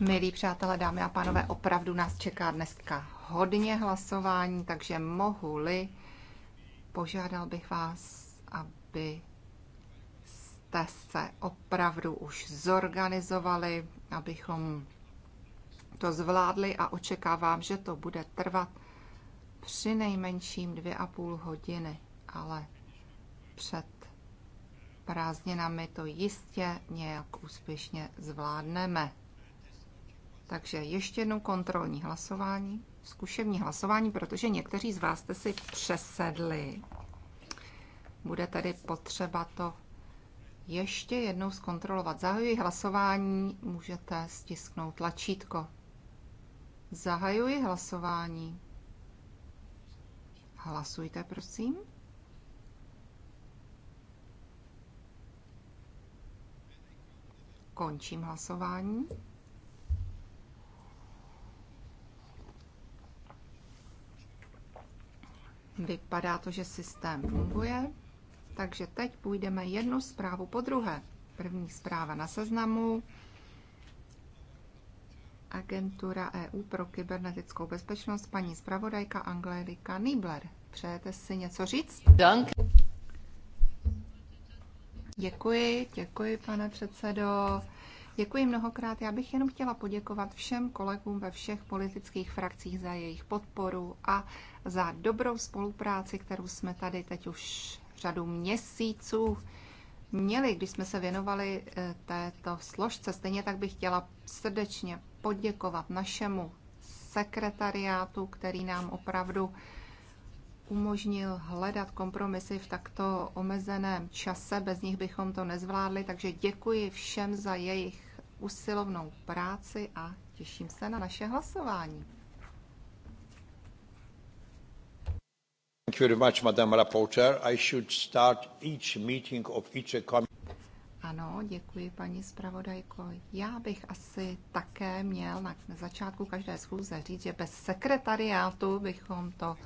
Milí přátelé, dámy a pánové, opravdu nás čeká dneska hodně hlasování, takže mohu-li, požádal bych vás, aby jste se opravdu už zorganizovali, abychom to zvládli a očekávám, že to bude trvat při nejmenším dvě a půl hodiny, ale před prázdninami to jistě nějak úspěšně zvládneme. Takže ještě jednou kontrolní hlasování, zkušební hlasování, protože někteří z vás jste si přesedli. Bude tedy potřeba to ještě jednou zkontrolovat. Zahajuji hlasování, můžete stisknout tlačítko. Zahajuji hlasování. Hlasujte, prosím. Končím hlasování. Vypadá to, že systém funguje. Takže teď půjdeme jednu zprávu po druhé. První zpráva na seznamu. Agentura EU pro kybernetickou bezpečnost, paní zpravodajka Angelika Niebler. Přejete si něco říct? Dank. Děkuji, děkuji, pane předsedo. Děkuji mnohokrát. Já bych jenom chtěla poděkovat všem kolegům ve všech politických frakcích za jejich podporu a za dobrou spolupráci, kterou jsme tady teď už řadu měsíců měli, když jsme se věnovali eh, této složce. Stejně tak bych chtěla srdečně poděkovat našemu sekretariátu, který nám opravdu umožnil hledat kompromisy v takto omezeném čase. Bez nich bychom to nezvládli, takže děkuji všem za jejich usilovnou práci a těším se na naše hlasování. Thank you very much, Madam I should start each meeting of each committee. Ano, děkuji paní zpravodajko. Já bych asi také měl na začátku každé schůze říct, že bez sekretariátu bychom to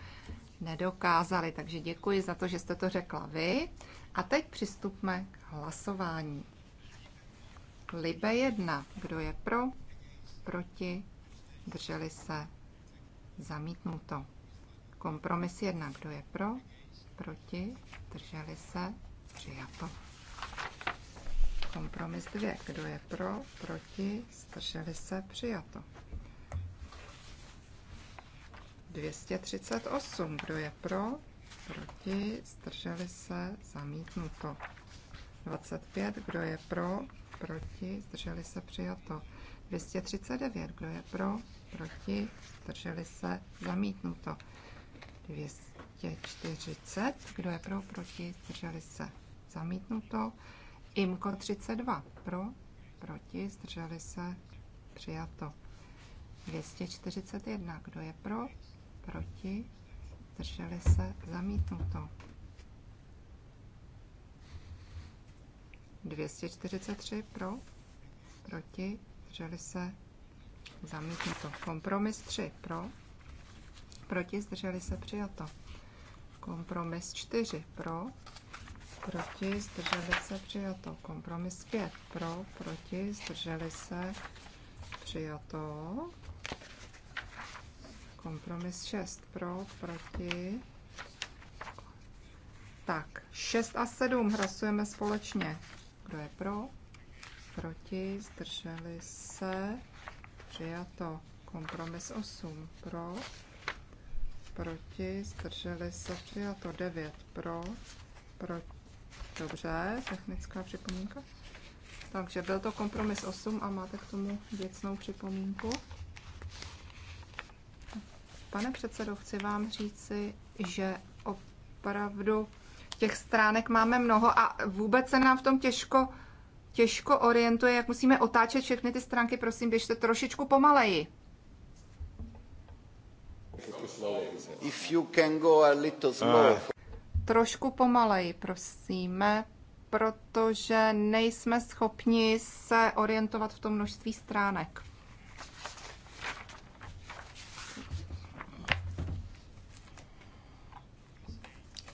nedokázali. Takže děkuji za to, že jste to řekla vy. A teď přistupme k hlasování. Libe 1. Kdo je pro? Proti? Drželi se? Zamítnuto. Kompromis 1. Kdo je pro? Proti? Drželi se? Přijato. Kompromis 2. Kdo je pro? Proti? Zdrželi se? Přijato. 238. Kdo je pro? Proti? Zdrželi se? Zamítnuto. 25. Kdo je pro? proti, zdrželi se přijato. 239, kdo je pro, proti, zdrželi se zamítnuto. 240, kdo je pro, proti, zdrželi se zamítnuto. IMKO 32, pro, proti, zdrželi se přijato. 241, kdo je pro, proti, zdrželi se zamítnuto. 243 pro, proti, zdrželi se, zamítnuto. Kompromis 3 pro, proti, zdrželi se, přijato. Kompromis 4 pro, proti, zdrželi se, přijato. Kompromis 5 pro, proti, zdrželi se, přijato. Kompromis 6 pro, proti. Tak, 6 a 7 hlasujeme společně. Kdo je pro? Proti? Zdrželi se? Přijato. Kompromis 8. Pro? Proti? Zdrželi se? Přijato. 9. Pro? Proti? Dobře, technická připomínka. Takže byl to kompromis 8 a máte k tomu věcnou připomínku. Pane předsedo, chci vám říci, že opravdu těch stránek máme mnoho a vůbec se nám v tom těžko, těžko orientuje, jak musíme otáčet všechny ty stránky. Prosím, běžte trošičku pomaleji. If you can go a little slow. Ah. Trošku pomaleji, prosíme, protože nejsme schopni se orientovat v tom množství stránek.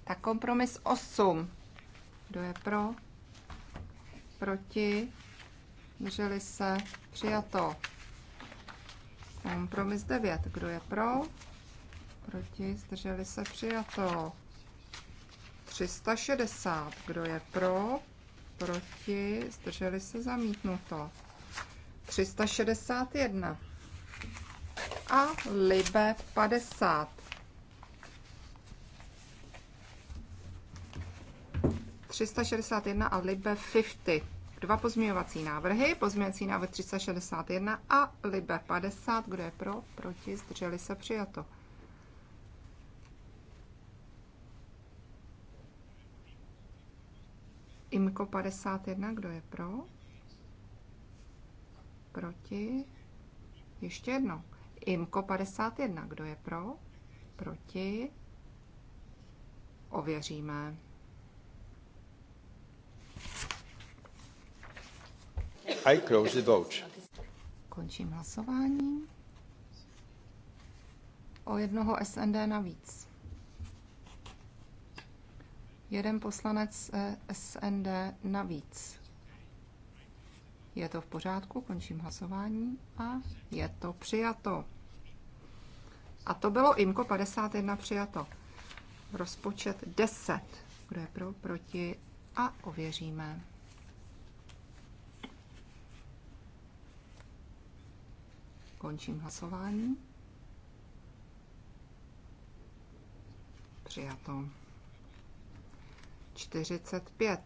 Tak kompromis 8. Kdo je pro? Proti? Drželi se? Přijato. Kompromis 9. Kdo je pro? Proti? Zdrželi se? Přijato. 360. Kdo je pro? Proti? Zdrželi se? Zamítnuto. 361. A Libe 50. 361 a Libe 50. Dva pozměňovací návrhy, pozměňovací návrh 361 a Libe 50. Kdo je pro? Proti? Zdrželi se? Přijato. Imko 51, kdo je pro? Proti? Ještě jedno. Imko 51, kdo je pro? Proti? Ověříme. I close the vote. Končím hlasování. O jednoho SND navíc. Jeden poslanec eh, SND navíc. Je to v pořádku, končím hlasování a je to přijato. A to bylo IMKO 51 přijato. Rozpočet 10. Kdo je pro, proti a ověříme. Končím hlasování. Přijato. 45.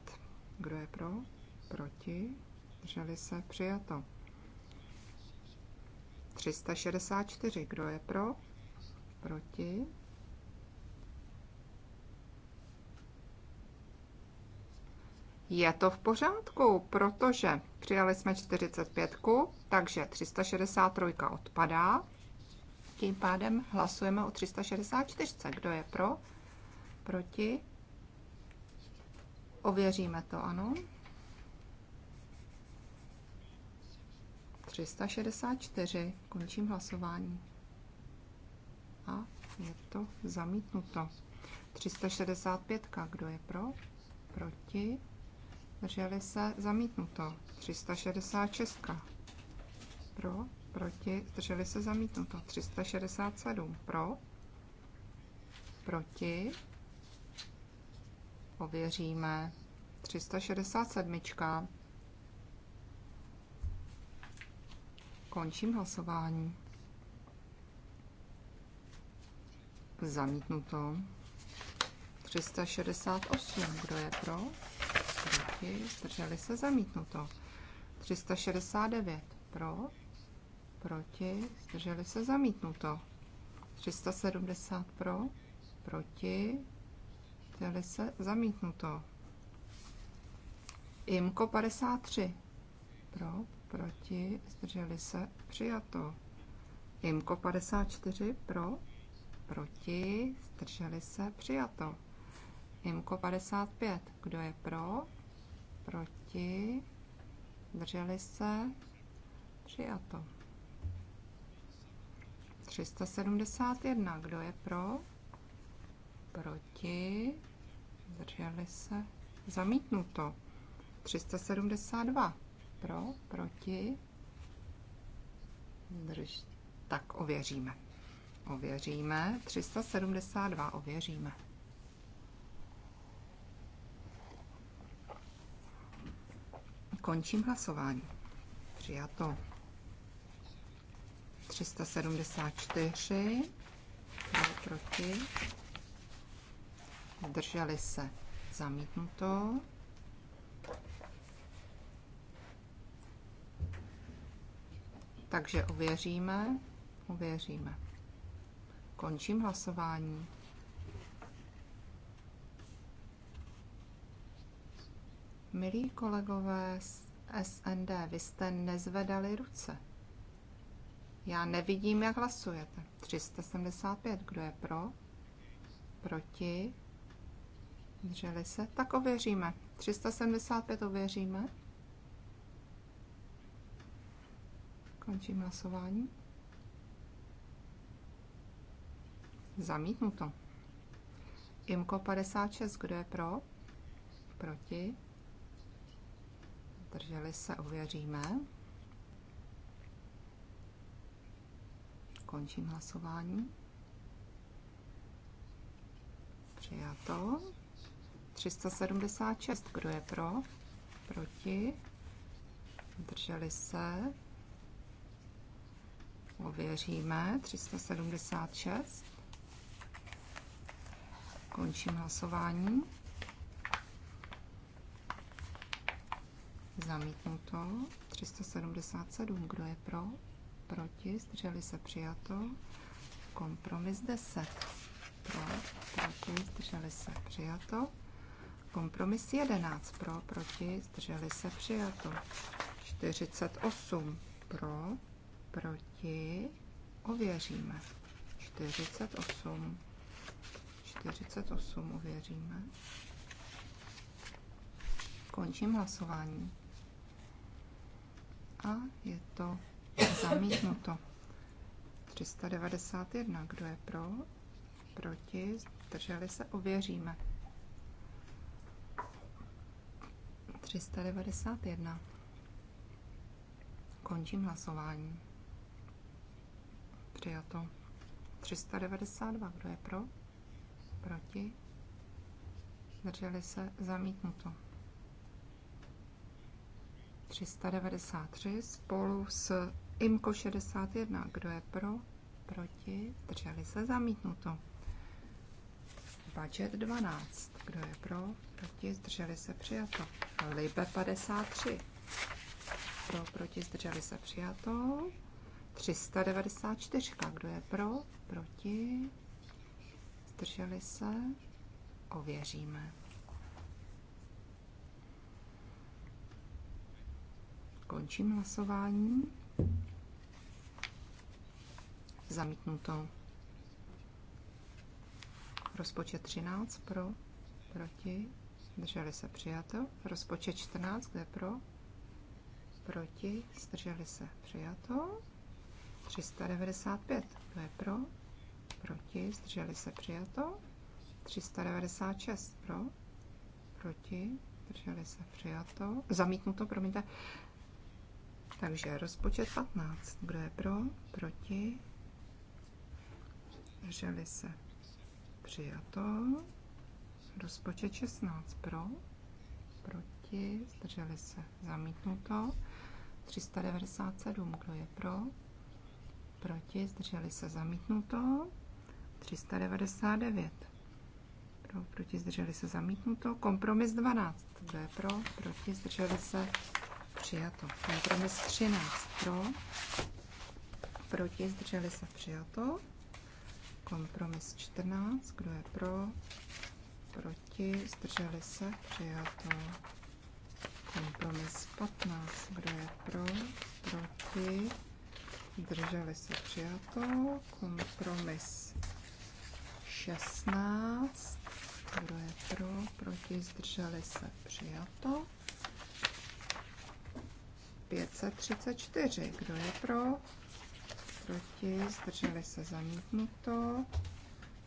Kdo je pro? Proti? Drželi se? Přijato. 364. Kdo je pro? Proti? je to v pořádku, protože přijali jsme 45, takže 363 odpadá. Tím pádem hlasujeme o 364. Kdo je pro? Proti? Ověříme to, ano. 364. Končím hlasování. A je to zamítnuto. 365. Kdo je pro? Proti? Drželi se zamítnuto. 366. Pro, proti, zdrželi se zamítnuto. 367. Pro, proti, ověříme. 367. Končím hlasování. Zamítnuto. 368. Kdo je pro? proti, zdrželi se zamítnuto. 369 pro, proti, zdrželi se zamítnuto. 370 pro, proti, zdrželi se zamítnuto. IMKO 53 pro, proti, zdrželi se přijato. IMKO 54 pro, proti, zdrželi se přijato. IMKO 55. Kdo je pro? proti, drželi se, přijato. 371, kdo je pro, proti, drželi se, zamítnuto. 372, pro, proti, drž, tak ověříme. Ověříme, 372 ověříme. Končím hlasování. Přijato. 374. Kdo je proti? Zdrželi se. Zamítnuto. Takže ověříme. Ověříme. Končím hlasování. Milí kolegové z SND, vy jste nezvedali ruce. Já nevidím, jak hlasujete. 375, kdo je pro? Proti? Drželi se? Tak ověříme. 375 ověříme. Končím hlasování. Zamítnuto. IMKO 56, kdo je pro? Proti? zdrželi se, ověříme. Končím hlasování. Přijato. 376. Kdo je pro? Proti? Zdrželi se? Ověříme. 376. Končím hlasování. Zamítnuto. 377. Kdo je pro? Proti. Zdrželi se přijato. Kompromis 10. Pro. Proti. Zdrželi se přijato. Kompromis 11. Pro. Proti. Zdrželi se přijato. 48. Pro. Proti. Ověříme. 48. 48 ověříme. Končím hlasování a je to zamítnuto. 391. Kdo je pro? Proti? Zdrželi se? Ověříme. 391. Končím hlasování. Přijato. 392. Kdo je pro? Proti? Zdrželi se? Zamítnuto. 393 spolu s IMKO 61. Kdo je pro? Proti? Drželi se zamítnuto. Budget 12. Kdo je pro? Proti? Zdrželi se přijato. Libe 53. Pro? Proti? Zdrželi se přijato. 394. Kdo je pro? Proti? Zdrželi se? Ověříme. Končím hlasování. Zamítnuto. Rozpočet 13 pro, proti, zdrželi se přijato. Rozpočet 14, kde pro, proti, zdrželi se přijato. 395, kde pro, proti, zdrželi se přijato. 396 pro, proti, zdrželi se přijato. Zamítnuto, promiňte. Takže rozpočet 15. Kdo je pro? Proti? Želi se. Přijato. Rozpočet 16. Pro? Proti? Zdrželi se. Zamítnuto. 397. Kdo je pro? Proti? Zdrželi se. Zamítnuto. 399. Pro, proti, zdrželi se zamítnuto. Kompromis 12. Kdo je pro? Proti, zdrželi se přijato. Kompromis 13 pro, proti, zdrželi se přijato. Kompromis 14, kdo je pro, proti, zdrželi se přijato. Kompromis 15, kdo je pro, proti, zdrželi se přijato. Kompromis 16, kdo je pro, proti, zdrželi se přijato. 534. Kdo je pro? Proti? Zdrželi se zamítnuto.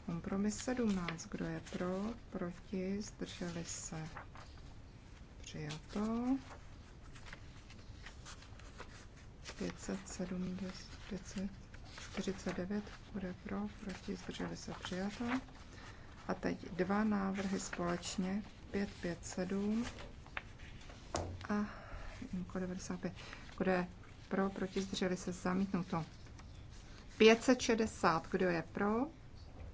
Kompromis 17. Kdo je pro? Proti? Zdrželi se přijato. 507, 549 bude pro, proti, zdrželi se přijato. A teď dva návrhy společně, 557 a Imko jako 95. Kdo je pro, proti, zdrželi se, zamítnuto. 560. Kdo je pro,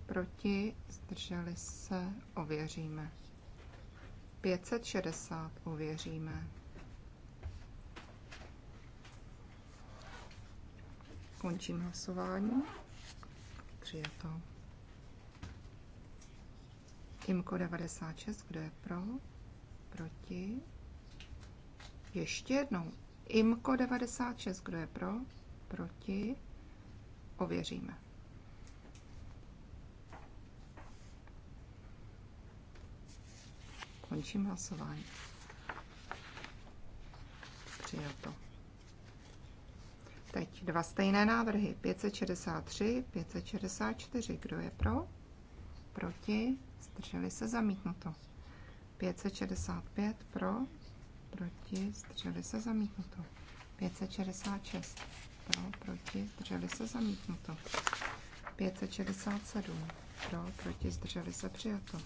proti, zdrželi se, ověříme. 560 ověříme. Končím hlasování. Přijato. Imko 96, kdo je pro? Proti? Ještě jednou. IMKO 96, kdo je pro? Proti? Ověříme. Končím hlasování. Přijato. Teď dva stejné návrhy. 563, 564. Kdo je pro? Proti? Zdrželi se zamítnuto. 565 pro, proti, zdrželi se zamítnuto. 566 pro, proti, zdrželi se zamítnuto. 567 pro, proti, zdrželi se přijato.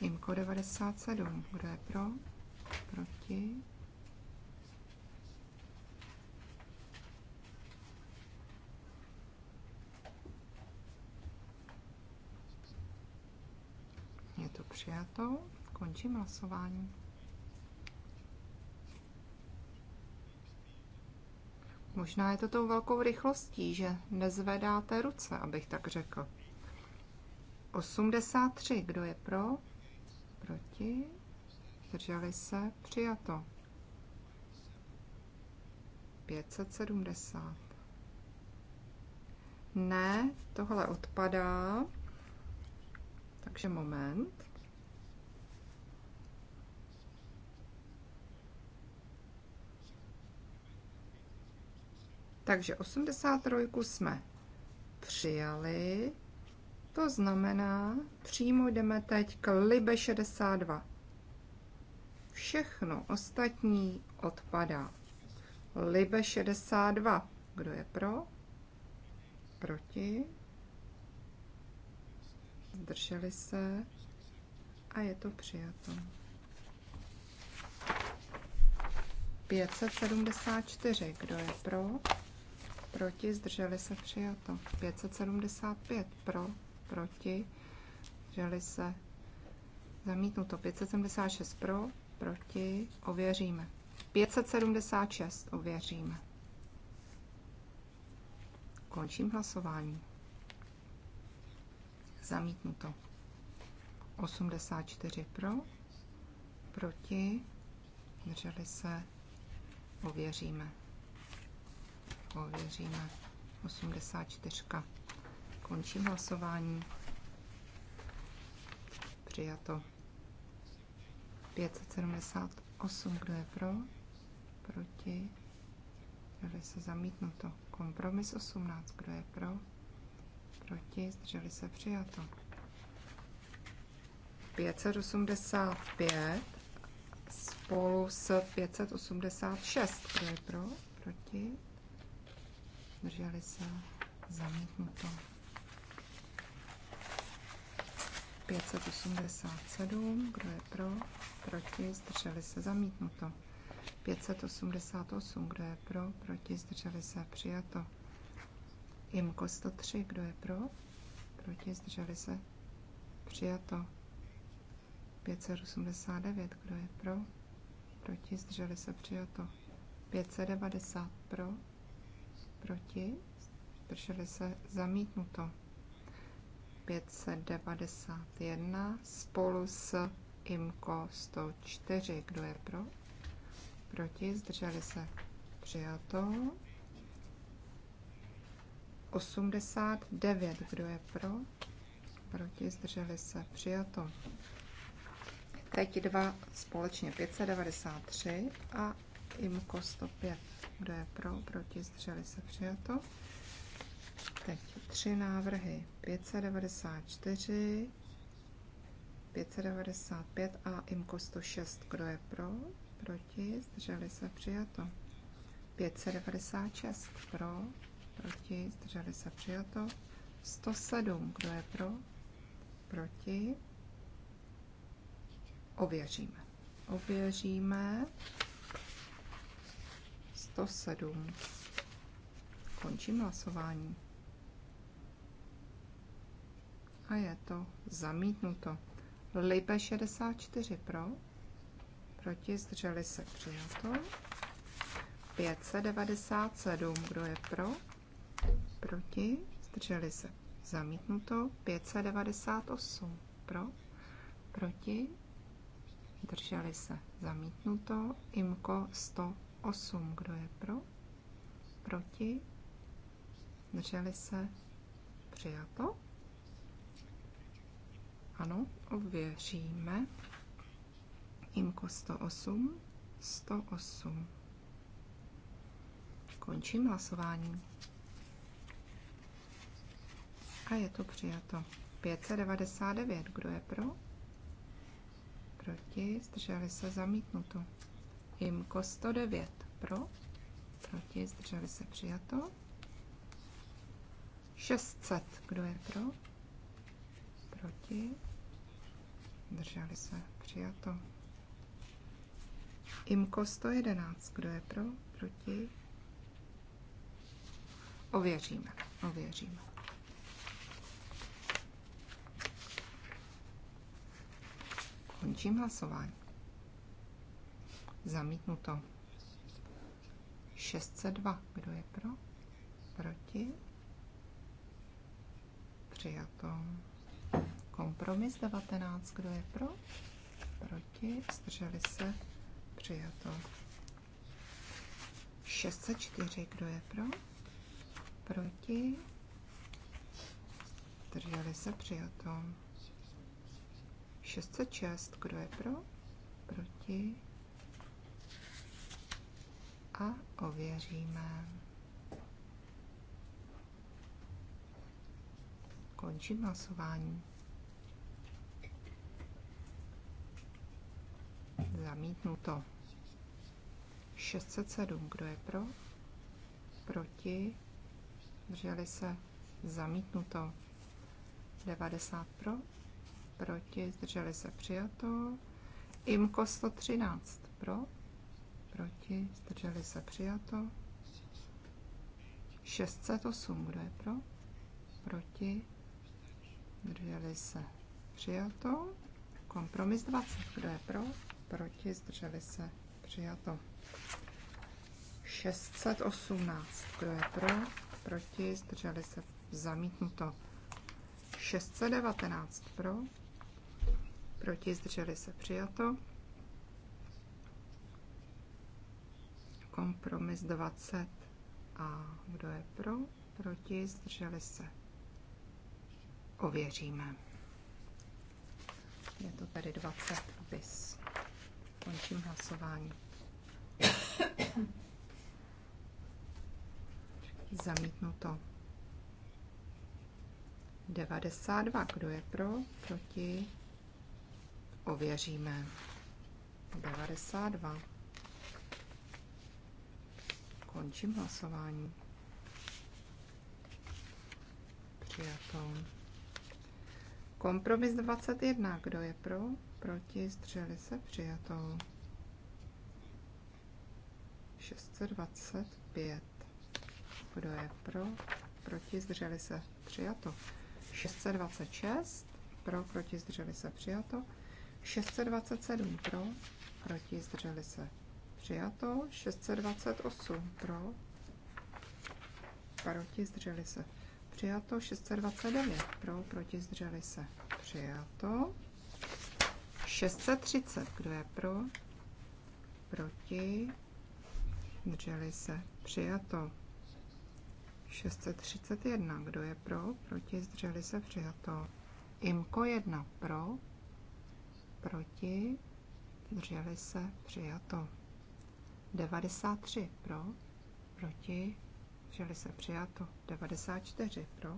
IMKO 97, kdo je pro, proti, Je to přijato. Končím hlasování. Možná je to tou velkou rychlostí, že nezvedáte ruce, abych tak řekl. 83. Kdo je pro? Proti? Drželi se? Přijato. 570. Ne, tohle odpadá. Takže moment. Takže 83 jsme přijali. To znamená, přímo jdeme teď k libe 62. Všechno ostatní odpadá. Libe 62. Kdo je pro? Proti? Zdrželi se? A je to přijato. 574. Kdo je pro? proti, zdrželi se přijato. 575 pro, proti, zdrželi se zamítnuto. 576 pro, proti, ověříme. 576 ověříme. Končím hlasování. Zamítnuto. 84 pro, proti, zdrželi se, ověříme. Ověříme. 84. Končím hlasování. Přijato. 578. Kdo je pro? Proti? Zdrželi se zamítnuto. Kompromis 18. Kdo je pro? Proti? Zdrželi se přijato. 585 spolu s 586. Kdo je pro? Proti? zdrželi se, zamítnuto. 587, kdo je pro, proti, zdrželi se, zamítnuto. 588, kdo je pro, proti, zdrželi se, přijato. IMKO 103, kdo je pro, proti, zdrželi se, přijato. 589, kdo je pro, proti, zdrželi se, přijato. 590 pro, proti, zdrželi se zamítnuto. 591 spolu s Imko 104. Kdo je pro? Proti, zdrželi se přijato. 89. Kdo je pro? Proti, zdrželi se přijato. Teď dva společně 593 a Imko 105. Kdo je pro? Proti? Zdrželi se? Přijato. Teď tři návrhy. 594, 595 a IMKO 106. Kdo je pro? Proti? Zdrželi se? Přijato. 596 pro, proti, zdrželi se přijato. 107, kdo je pro, proti. Ověříme. Ověříme. 107. Končím hlasování. A je to zamítnuto. Lipe 64 pro, proti zdrželi se přijato. 597, kdo je pro, proti zdrželi se zamítnuto. 598 pro, proti zdrželi se zamítnuto. Imko 100 8. Kdo je pro? Proti? Drželi se? Přijato? Ano, ověříme. Imko 108, 108. Končím hlasování. A je to přijato. 599, kdo je pro? Proti, zdrželi se zamítnuto. IMKO 109 pro, proti, zdrželi se přijato. 600, kdo je pro, proti, zdrželi se přijato. IMKO 111, kdo je pro, proti, ověříme, ověříme. Končím hlasování. Zamítnuto. 602. Kdo je pro? Proti? Přijato. Kompromis 19. Kdo je pro? Proti? Zdrželi se? Přijato. 604. Kdo je pro? Proti? Zdrželi se? Přijato. 606. Kdo je pro? Proti? a ověříme. Končím hlasování. Zamítnuto. 607. Kdo je pro? Proti? Drželi se? Zamítnuto. 90 pro? Proti? Zdrželi se? Přijato. IMKO 113 pro? proti, zdrželi se přijato. 608, kdo je pro, proti, zdrželi se přijato. Kompromis 20, kdo je pro, proti, zdrželi se přijato. 618, kdo je pro, proti, zdrželi se zamítnuto. 619 pro, proti, zdrželi se přijato. kompromis 20. A kdo je pro? Proti? Zdrželi se? Ověříme. Je to tady 20 bis. Končím hlasování. Zamítnuto. 92. Kdo je pro? Proti? Ověříme. 92. Končím hlasování. Přijato. Kompromis 21. Kdo je pro? Proti? Zdrželi se? Přijato. 625. Kdo je pro? Proti? Zdrželi se? Přijato. 626. Pro? Proti? Zdrželi se? Přijato. 627. Pro? Proti? Zdrželi se? Přijato 628 pro. Proti zdrželi se. Přijato 629 pro. Proti zdrželi se. Přijato 630. Kdo je pro? Proti zdrželi se. Přijato 631. Kdo je pro? Proti zdrželi se. Přijato. Imko 1 pro. Proti zdrželi se. Přijato. 93 pro, proti, zdrželi se přijato. 94 pro,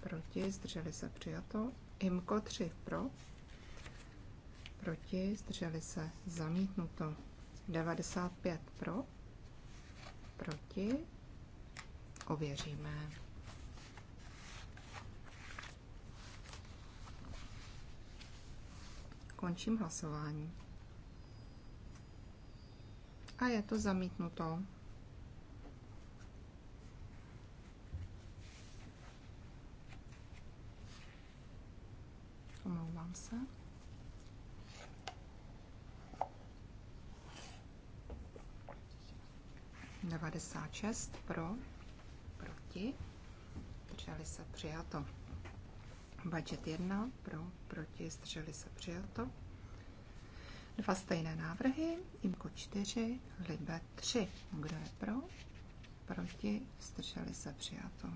proti, zdrželi se přijato. IMKO 3 pro, proti, zdrželi se zamítnuto. 95 pro, proti, ověříme. Končím hlasování a je to zamítnuto. Omlouvám se. Devadesát šest pro, proti, zdrželi se přijato. Budget jedna pro, proti, zdrželi se přijato. Dva stejné návrhy, IMKO 4, LIBE 3. Kdo je pro? Proti, zdrželi se přijato.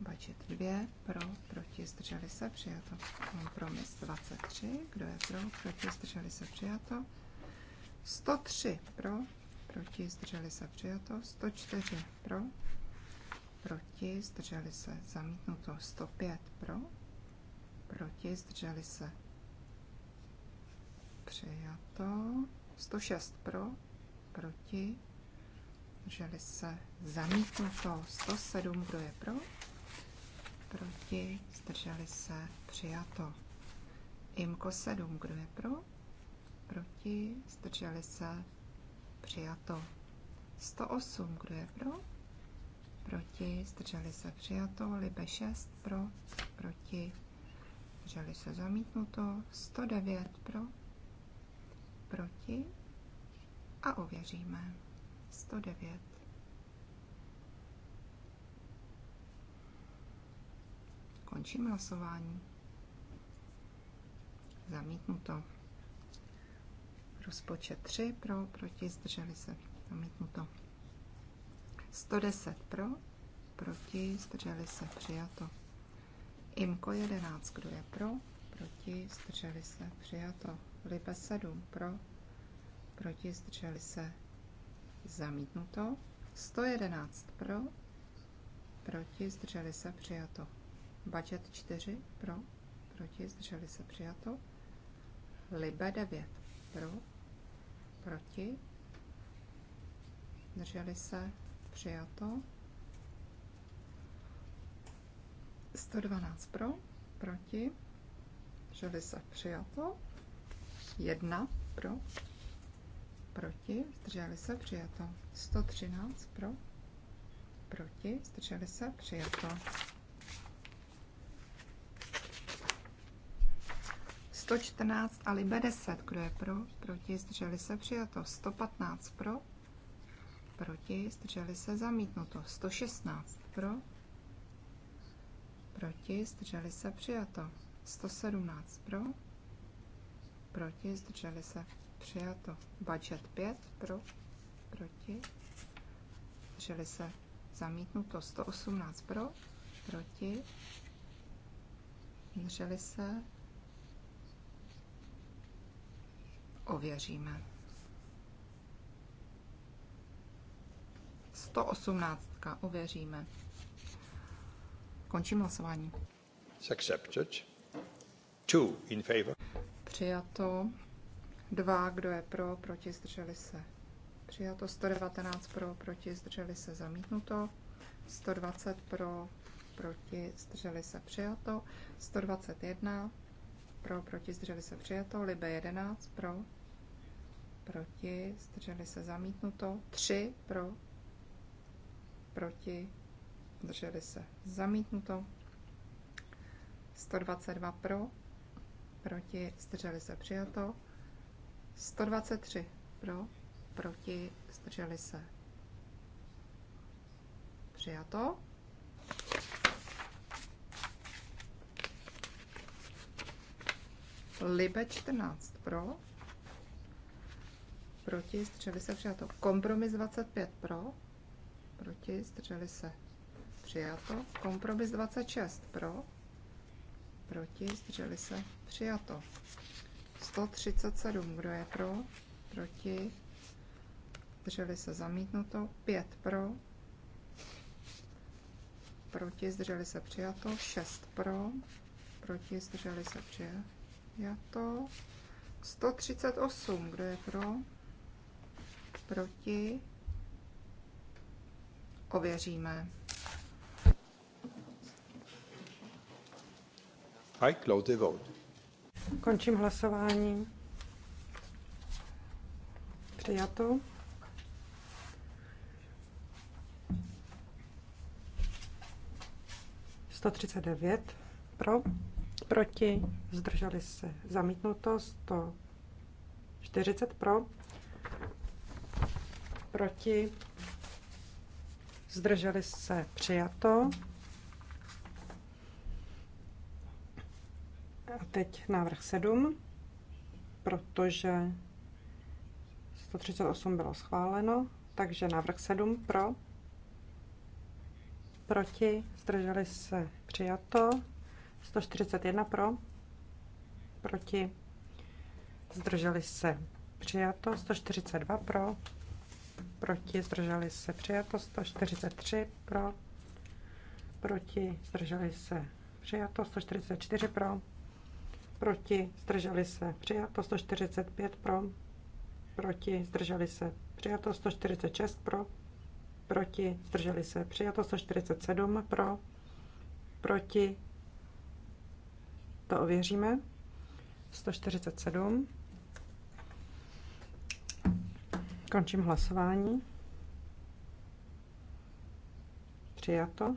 Bačet 2, pro, proti, zdrželi se přijato. Kompromis 23, kdo je pro? Proti, zdrželi se přijato. 103 pro, proti, zdrželi se přijato. 104 pro, proti, zdrželi se zamítnuto. 105 pro, proti, zdrželi se Přijato. 106 pro, proti, drželi se zamítnuto. 107, kdo je pro, proti, zdrželi se přijato. Imko 7, kdo je pro, proti, zdrželi se přijato. 108, kdo je pro, proti, zdrželi se přijato. Libe 6 pro, proti, zdrželi se zamítnuto. 109 pro, proti a ověříme. 109. Končím hlasování. Zamítnuto. Rozpočet 3 pro, proti, zdrželi se. Zamítnuto. 110 pro, proti, zdrželi se. Přijato. IMKO 11, kdo je pro, proti, zdrželi se. Přijato. Libe 7 pro, proti zdrželi se zamítnuto. 111 pro, proti zdrželi se přijato. Budget 4 pro, proti zdrželi se přijato. Libe 9 pro, proti zdrželi se přijato. 112 pro, proti, zdrželi se přijato. 1 pro, proti, zdrželi se, přijato. 113 pro, proti, zdrželi se, přijato. 114 a libe 10, kdo je pro, proti, zdrželi se, přijato. 115 pro, proti, zdrželi se, zamítnuto. 116 pro, proti, zdrželi se, přijato. 117 pro, proti, zdrželi se, přijato. Budget 5, pro, proti, zdrželi se, zamítnuto. 118 pro, proti, zdrželi se, ověříme. 118 ověříme. Končím hlasování. It's accepted. Two in favor. Přijato. 2. Kdo je pro? Proti? Zdrželi se. Přijato. 119 pro? Proti? Zdrželi se. Zamítnuto. 120 pro? Proti? Zdrželi se. Přijato. 121 pro? Proti? Zdrželi se. Přijato. Libe 11 pro? Proti? Zdrželi se. Zamítnuto. 3 pro? Proti? Zdrželi se. Zamítnuto. 122 pro? proti, zdrželi se přijato. 123 pro, proti, zdrželi se přijato. Libe 14 pro, proti, zdrželi se přijato. Kompromis 25 pro, proti, zdrželi se přijato. Kompromis 26 pro, proti, zdrželi se, přijato. 137, kdo je pro, proti, zdrželi se, zamítnuto. 5 pro, proti, zdrželi se, přijato. 6 pro, proti, zdrželi se, přijato. 138, kdo je pro, proti, ověříme. I close the vote. Končím hlasování. Přijato. Sto třicet devět pro, proti, zdrželi se zamítnuto, sto čtyřicet pro, proti, zdrželi se přijato. A teď návrh 7, protože 138 bylo schváleno, takže návrh 7 pro, proti, zdrželi se přijato, 141 pro, proti, zdrželi se přijato, 142 pro, proti, zdrželi se přijato, 143 pro, proti, zdrželi se přijato, 144 pro, proti, zdrželi se, přijato 145 pro, proti, zdrželi se, přijato 146 pro, proti, zdrželi se, přijato 147 pro, proti, to ověříme, 147. Končím hlasování. Přijato.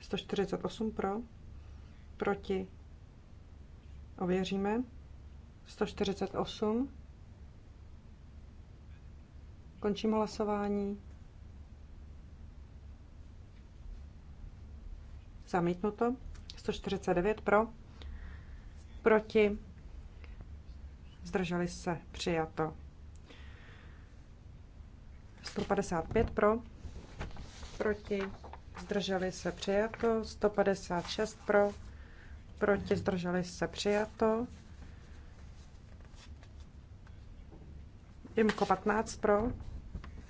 148 pro, proti, Ověříme. 148. Končím hlasování. Zamítnuto. 149 pro. Proti. Zdrželi se. Přijato. 155 pro. Proti. Zdrželi se. Přijato. 156 pro proti, zdrželi se přijato. Imko 15 pro,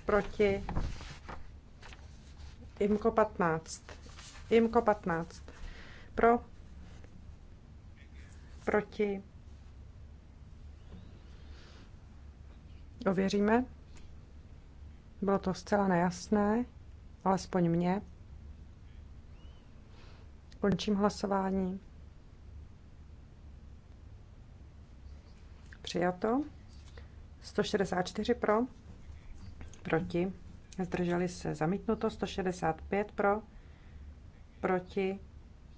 proti, Imko 15, Imko 15 pro, proti, ověříme. Bylo to zcela nejasné, alespoň mě. Končím hlasování. Přijato. 164 pro. Proti. Zdrželi se. Zamítnuto. 165 pro. Proti.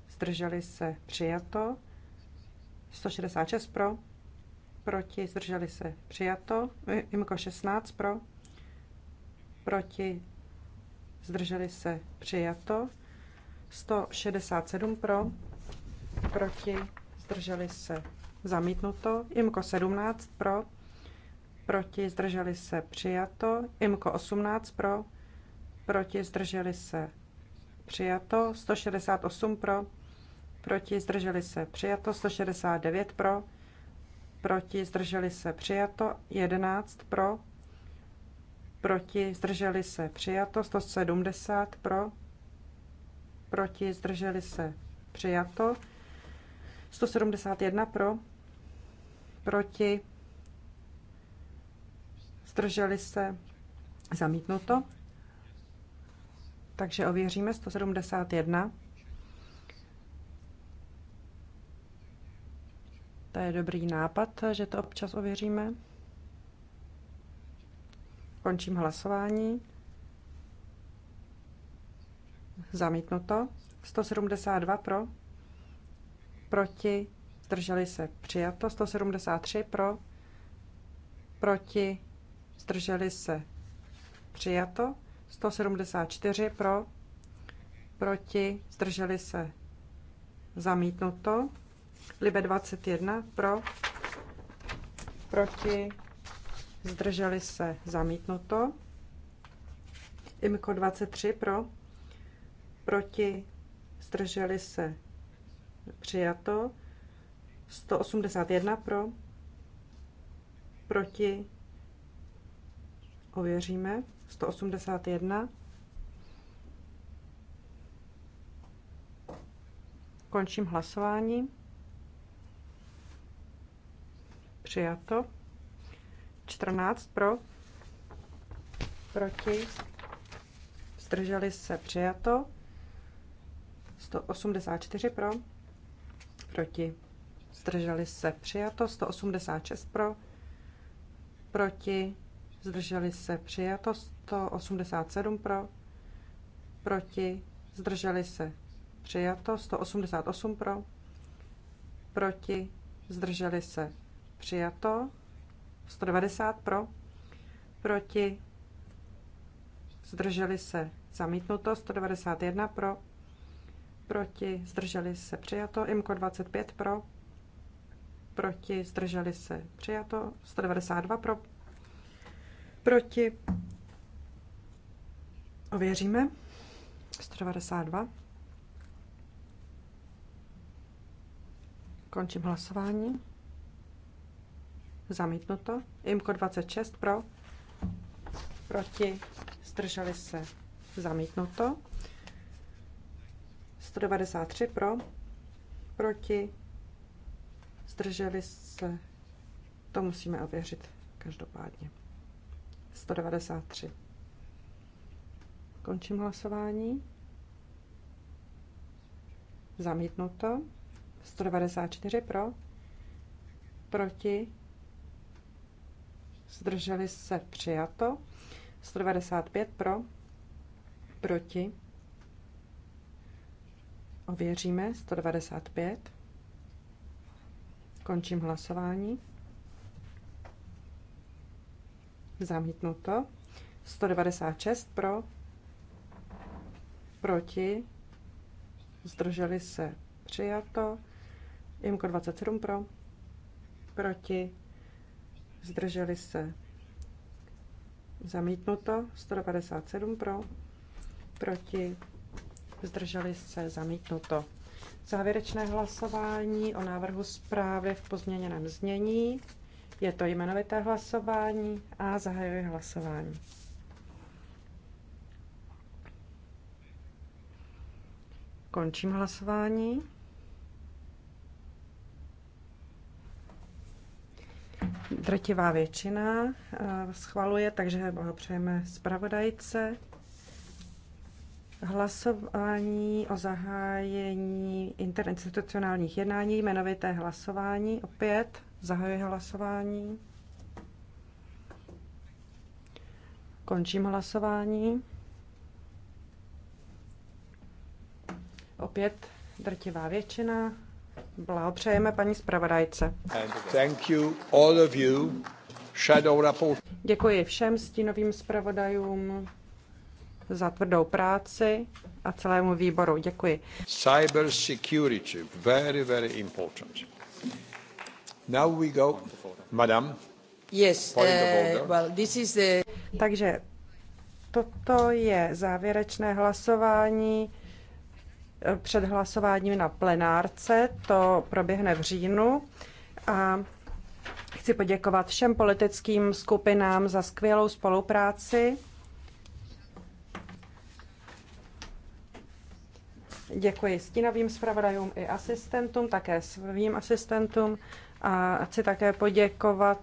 Zdrželi se. Přijato. 166 pro. Proti. Zdrželi se. Přijato. Imko 16 pro. Proti. Zdrželi se. Přijato. 167 pro. Proti. Zdrželi se zamítnuto, IMKO 17 pro, proti zdrželi se přijato, IMKO 18 pro, proti zdrželi se přijato, 168 pro, proti zdrželi se přijato, 169 pro, proti zdrželi se přijato, 11 pro, proti zdrželi se přijato, 170 pro, proti zdrželi se přijato, 171 pro, proti, zdrželi se, zamítnuto. Takže ověříme 171. To je dobrý nápad, že to občas ověříme. Končím hlasování. Zamítnuto. 172 pro. Proti zdrželi se přijato, 173 pro, proti, zdrželi se přijato, 174 pro, proti, zdrželi se zamítnuto, Libe 21 pro, proti, zdrželi se zamítnuto, IMKO 23 pro, proti, zdrželi se přijato, 181 pro, proti, ověříme, 181. Končím hlasování. Přijato. 14 pro, proti, zdrželi se, přijato. 184 pro, proti, zdrželi se přijato, 186 pro, proti, zdrželi se přijato, 187 pro, proti, zdrželi se přijato, 188 pro, proti, zdrželi se přijato, 190 pro, proti, zdrželi se zamítnuto, 191 pro, proti, zdrželi se přijato, IMKO 25 pro, proti, zdrželi se, přijato, 192 pro, proti, ověříme, 192. Končím hlasování. Zamítnuto. IMKO 26 pro, proti, zdrželi se, zamítnuto. 193 pro, proti, zdrželi se, to musíme ověřit každopádně. 193. Končím hlasování. Zamítnuto. 194 pro. Proti. Zdrželi se přijato. 195 pro. Proti. Ověříme. 195. Končím hlasování. Zamítnuto. 196 pro, proti, zdrželi se přijato. Imko 27 pro, proti, zdrželi se zamítnuto. 197 pro, proti, zdrželi se zamítnuto. Závěrečné hlasování o návrhu zprávy v pozměněném znění. Je to jmenovité hlasování a zahajuji hlasování. Končím hlasování. Drtivá většina eh, schvaluje, takže blahopřejeme zpravodajce hlasování o zahájení interinstitucionálních jednání, jmenovité hlasování. Opět zahajuji hlasování. Končím hlasování. Opět drtivá většina. Blahopřejeme paní zpravodajce. Thank you, all of you, shadow Děkuji všem stínovým zpravodajům za tvrdou práci a celému výboru. Děkuji. Cyber security, very, very important. Now we go, madam. Yes, uh, well, this is the... Takže toto je závěrečné hlasování před hlasováním na plenárce. To proběhne v říjnu. A chci poděkovat všem politickým skupinám za skvělou spolupráci. Děkuji stínovým zpravodajům i asistentům, také svým asistentům a chci také poděkovat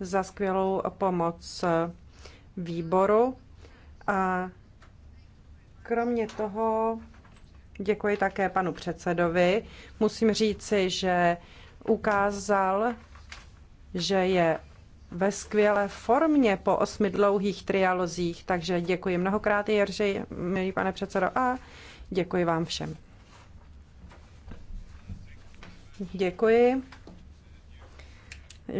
za skvělou pomoc výboru. A kromě toho děkuji také panu předsedovi. Musím říci, že ukázal, že je ve skvělé formě po osmi dlouhých trialozích, takže děkuji mnohokrát Jerži, milý pane předsedo, a děkuji vám všem. Děkuji.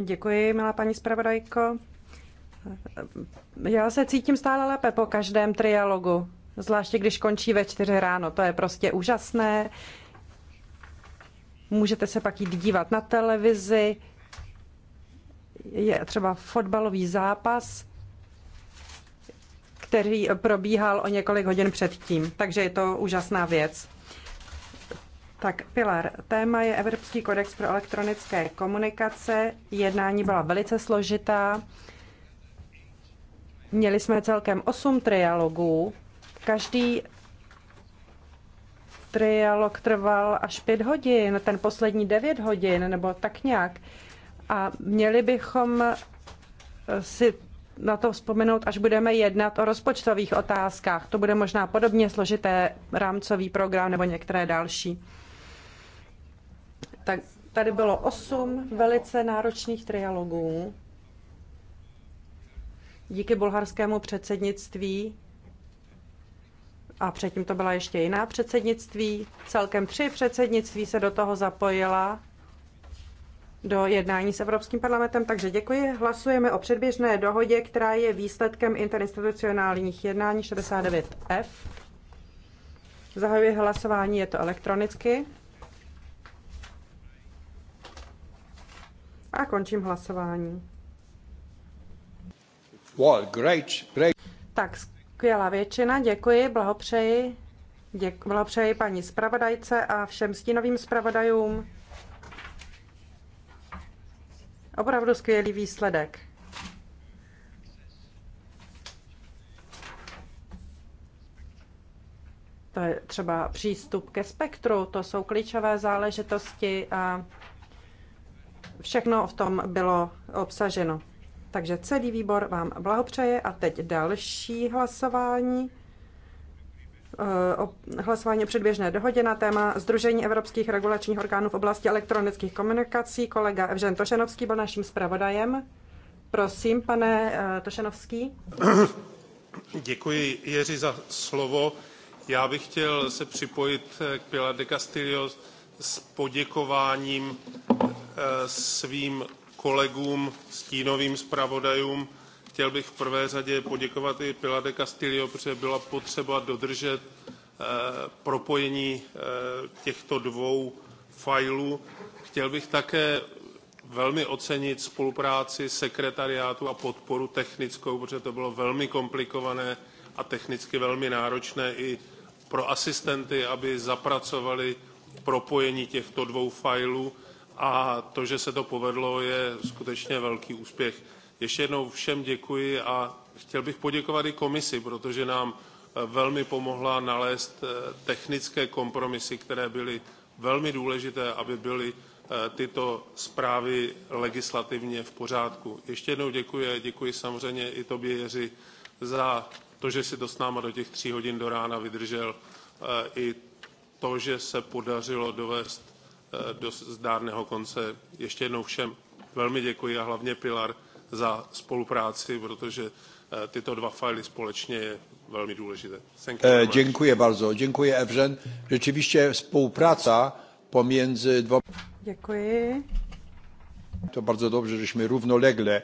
Děkuji, milá paní zpravodajko. Já se cítím stále lépe po každém trialogu, zvláště když končí ve čtyři ráno. To je prostě úžasné. Můžete se pak jít dívat na televizi, je třeba fotbalový zápas, který probíhal o několik hodin předtím. Takže je to úžasná věc. Tak Pilar, téma je Evropský kodex pro elektronické komunikace. Jednání byla velice složitá. Měli jsme celkem 8 trialogů. Každý trialog trval až 5 hodin, ten poslední 9 hodin nebo tak nějak a měli bychom eh, si na to vzpomenout, až budeme jednat o rozpočtových otázkách. To bude možná podobně složité rámcový program nebo některé další. Tak tady bylo osm velice náročných trialogů. Díky bulharskému předsednictví a předtím to byla ještě jiná předsednictví. Celkem tři předsednictví se do toho zapojila do jednání s Evropským parlamentem, takže děkuji. Hlasujeme o předběžné dohodě, která je výsledkem interinstitucionálních jednání 69F. Zahajuji hlasování, je to elektronicky. A končím hlasování. Well, great, great. Tak, skvělá většina, děkuji, blahopřeji. Děk, blahopřeji paní zpravodajce a všem stínovým zpravodajům. Opravdu skvělý výsledek. To je třeba přístup ke spektru, to jsou klíčové záležitosti a všechno v tom bylo obsaženo. Takže celý výbor vám blahopřeje a teď další hlasování. Eh, hlasování o předběžné dohodě na téma Združení evropských regulačních orgánů v oblasti elektronických komunikací. Kolega Evžen Tošenovský byl naším zpravodajem. Prosím, pane eh, Tošenovský. Děkuji, Jeři, za slovo. Já bych chtěl se připojit eh, k Pilar de Castillo s poděkováním svým kolegům, stínovým zpravodajům, Chtěl bych v prvé řadě poděkovat i Pilar de Castillo, protože byla potřeba dodržet eh, propojení eh, těchto dvou fajlů. Chtěl bych také velmi ocenit spolupráci sekretariátu a podporu technickou, protože to bylo velmi komplikované a technicky velmi náročné i pro asistenty, aby zapracovali propojení těchto dvou fajlů a to, že se to povedlo, je skutečně velký úspěch. Ještě jednou všem děkuji a chtěl bych poděkovat i komisi, protože nám eh, velmi pomohla nalézt eh, technické kompromisy, které byly velmi důležité, aby byly eh, tyto zprávy legislativně v pořádku. Ještě jednou děkuji a děkuji samozřejmě i tobě, Jeři, za to, že jsi to s náma do těch tří hodin do rána vydržel, i to, že se podařilo dovést do zdárného konce. Ještě jednou všem velmi děkuji a hlavně Pilar, za spolupráci, protože eh, tyto dva fajly společně je velmi důležité. Eh, děkuji bardzo. děkuji Evžen. Rzeczywiście spolupráca pomiędzy dwoma... Děkuji. To bardzo dobře, že jsme równolegle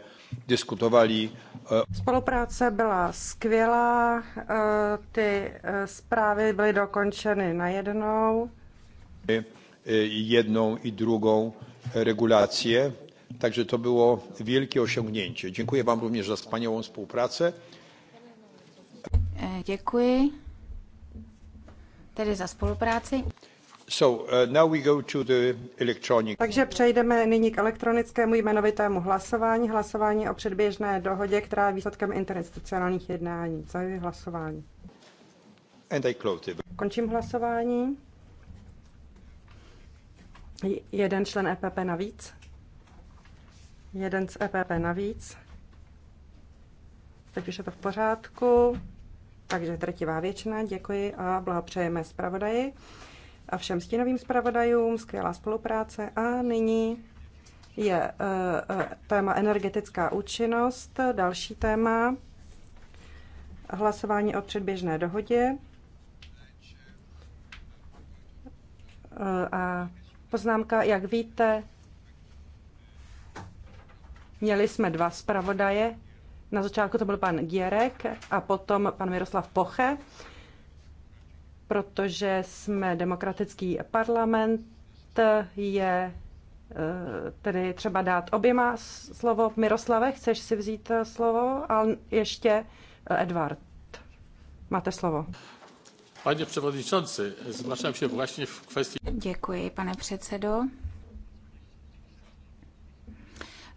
diskutovali. E, Spolupráce byla skvělá, e, ty e, zprávy byly dokončeny na jednou. Jednou i druhou regulaci. Także to było wielkie osiągnięcie. Dziękuję Wam również za wspaniałą współpracę. E, Děkuji tedy za spolupráci. So, uh, now we go to the electronic. Takže přejdeme nyní k elektronickému jmenovitému hlasování, hlasování o předběžné dohodě, která je výsledkem interinstitucionálních jednání. je hlasování. And I close it. Končím hlasování. Jeden člen EPP navíc. Jeden z EPP navíc. Teď už je to v pořádku. Takže drtivá většina. Děkuji a blahopřejeme zpravodaji a všem stínovým zpravodajům. Skvělá spolupráce. A nyní je e, e, téma energetická účinnost. Další téma hlasování o předběžné dohodě. E, a poznámka, jak víte, Měli jsme dva zpravodaje. Na začátku to byl pan Gierek a potom pan Miroslav Poche, protože jsme demokratický parlament, je eh, tedy třeba dát oběma slovo. Miroslave, chceš si vzít eh, slovo? A ještě eh, Edward. Máte slovo. Pane předsedající, zmlačám se vlastně v kwestii... Děkuji, pane předsedo.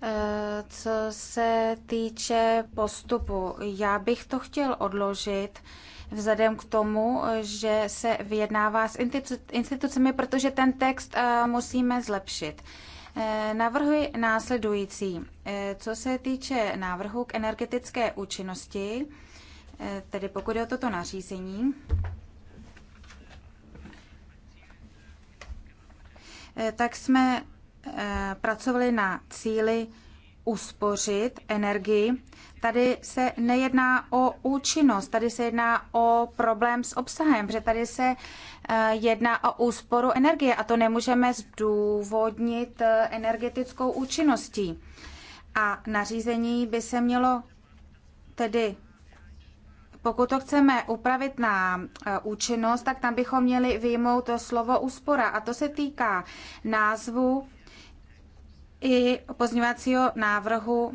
Eh, co se týče postupu, já bych to chtěl odložit vzhledem k tomu, že se vyjednává s institucemi, protože ten text eh, musíme zlepšit. Eh, navrhuji následující. Co se týče návrhu k energetické účinnosti, tedy pokud je o toto nařízení, tak jsme Eh, pracovali na cíli uspořit energii. Tady se nejedná o účinnost, tady se jedná o problém s obsahem, protože tady se eh, jedná o úsporu energie a to nemůžeme zdůvodnit eh, energetickou účinností. A nařízení by se mělo tedy pokud to chceme upravit na účinnost, tak tam bychom měli vyjmout to slovo úspora. A to se týká názvu i pozměňovacího návrhu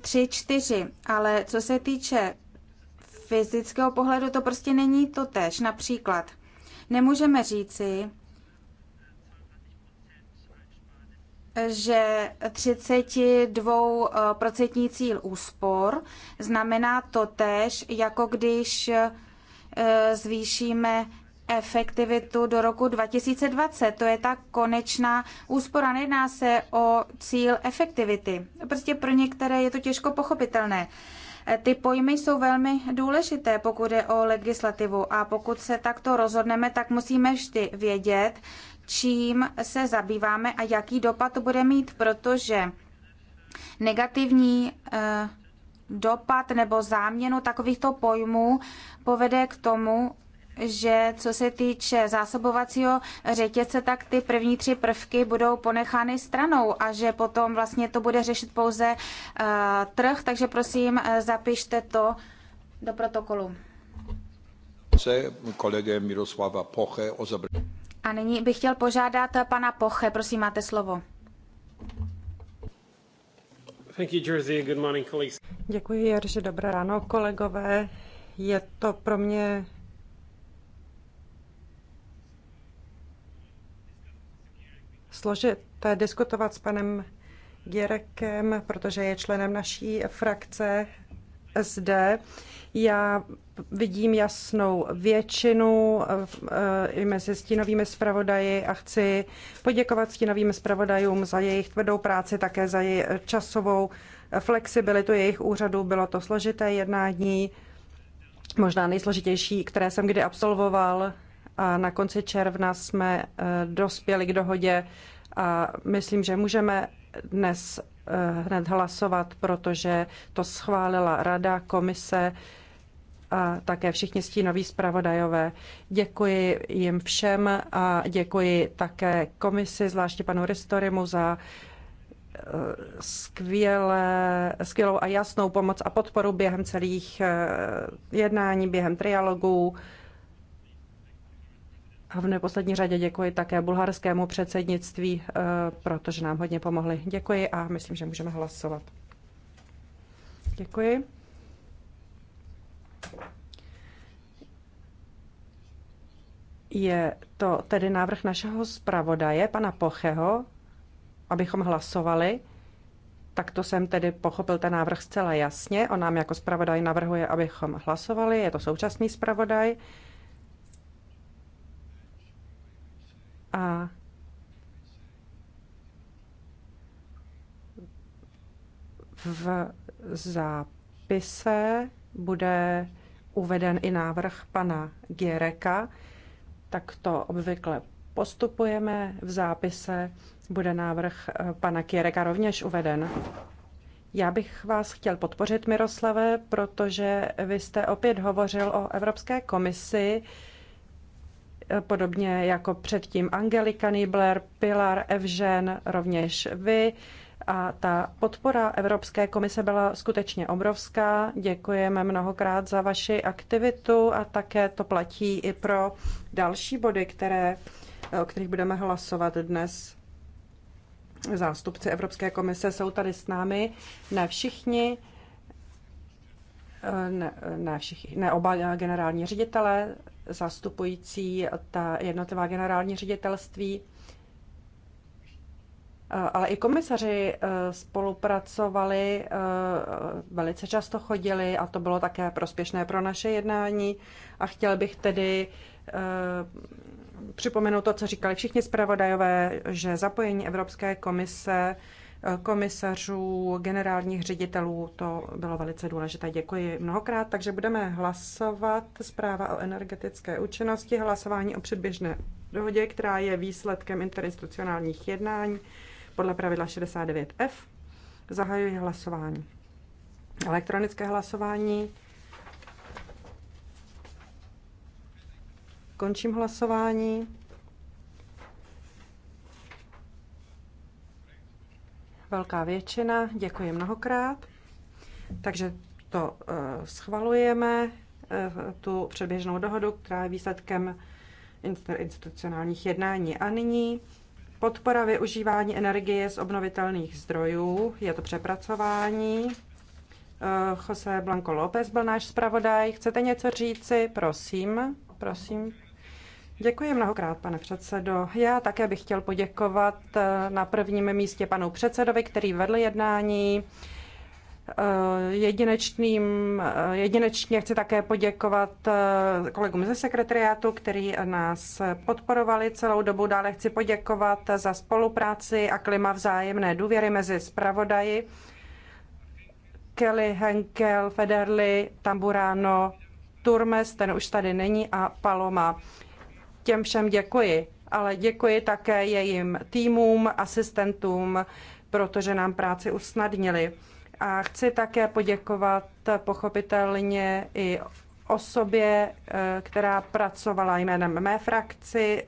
3-4, eh, ale co se týče fyzického pohledu, to prostě není to tež. Například nemůžeme říci, že 32% cíl úspor znamená to tež, jako když eh, zvýšíme efektivitu do roku 2020. To je ta konečná úspora. Nejedná se o cíl efektivity. Prostě pro některé je to těžko pochopitelné. Ty pojmy jsou velmi důležité, pokud je o legislativu a pokud se takto rozhodneme, tak musíme vždy vědět, čím se zabýváme a jaký dopad to bude mít, protože negativní eh, dopad nebo záměnu takovýchto pojmů povede k tomu, že co se týče zásobovacího řetězce, tak ty první tři prvky budou ponechány stranou a že potom vlastně to bude řešit pouze uh, trh, takže prosím eh, zapište to do protokolu. Kolege Miroslava Poche o A nyní bych chtěl požádat pana Poche, prosím, máte slovo. Thank you, Jersey. Good morning, Děkuji, Jerzy, dobré ráno, kolegové. Je to pro mě složité diskutovat s panem Děrekem, protože je členem naší frakce SD. Já vidím jasnou většinu eh, i mezi stínovými zpravodaji a chci poděkovat stínovým zpravodajům za jejich tvrdou práci, také za jejich časovou flexibilitu jejich úřadu. Bylo to složité jednání, možná nejsložitější, které jsem kdy absolvoval a na konci června jsme eh, dospěli k dohodě a myslím, že můžeme dnes eh, hned hlasovat, protože to schválila Rada, komise a také všichni stínoví zpravodajové. Děkuji jim všem a děkuji také komisi, zvláště panu Ristorimu za eh, skvělé, skvělou a jasnou pomoc a podporu během celých jednání, během trialogů. A v neposlední řadě děkuji také bulharskému předsednictví, eh, protože nám hodně pomohli. Děkuji a myslím, že můžeme hlasovat. Děkuji. Je to tedy návrh našeho zpravodaje, pana Pocheho, abychom hlasovali. Tak to jsem tedy pochopil ten návrh zcela jasně. On nám jako zpravodaj navrhuje, abychom hlasovali. Je to současný zpravodaj. A v zápise bude uveden i návrh pana Gereka. Tak to obvykle postupujeme v zápise. Bude návrh eh, pana Kiereka rovněž uveden. Já bych vás chtěl podpořit, Miroslave, protože vy jste opět hovořil o Evropské komisi, podobně jako předtím Angelika Niebler, Pilar Evžen, rovněž vy. A ta podpora Evropské komise byla skutečně obrovská. Děkujeme mnohokrát za vaši aktivitu a také to platí i pro další body, které, o kterých budeme hlasovat dnes. Zástupci Evropské komise jsou tady s námi. Ne všichni, ne, ne, všichni, ne oba generální ředitele, zastupující ta jednotlivá generální ředitelství. Eh, ale i komisaři eh, spolupracovali, eh, velice často chodili a to bylo také prospěšné pro naše jednání. A chtěl bych tedy připomenout to, co říkali všichni zpravodajové, že zapojení Evropské komise komisařů, generálních ředitelů. To bylo velice důležité. Děkuji mnohokrát. Takže budeme hlasovat zpráva o energetické účinnosti, hlasování o předběžné dohodě, která je výsledkem interinstitucionálních jednání podle pravidla 69F. Zahajuji hlasování. Elektronické hlasování. Končím hlasování. Velká většina, děkuji mnohokrát. Takže to eh, schvalujeme, eh, tu předběžnou dohodu, která je výsledkem institucionálních jednání. A nyní podpora využívání energie z obnovitelných zdrojů, je to přepracování. Eh, Jose Blanco López byl náš zpravodaj. Chcete něco říci? Prosím, prosím. Děkuji mnohokrát, pane předsedo. Já také bych chtěl poděkovat eh, na prvním místě panu předsedovi, který vedl jednání. Eh, jedinečným, eh, jedinečně chci také poděkovat kolegům ze sekretariátu, který nás podporovali celou dobu. Dále chci poděkovat za spolupráci a klima vzájemné důvěry mezi zpravodaji. Kelly, Henkel, Federli, Tamburano, Turmes, ten už tady není, a Paloma. Těm všem děkuji, ale děkuji také jejím týmům, asistentům, protože nám práci usnadnili. A chci také poděkovat pochopitelně i osobě, eh, která pracovala jménem mé frakci.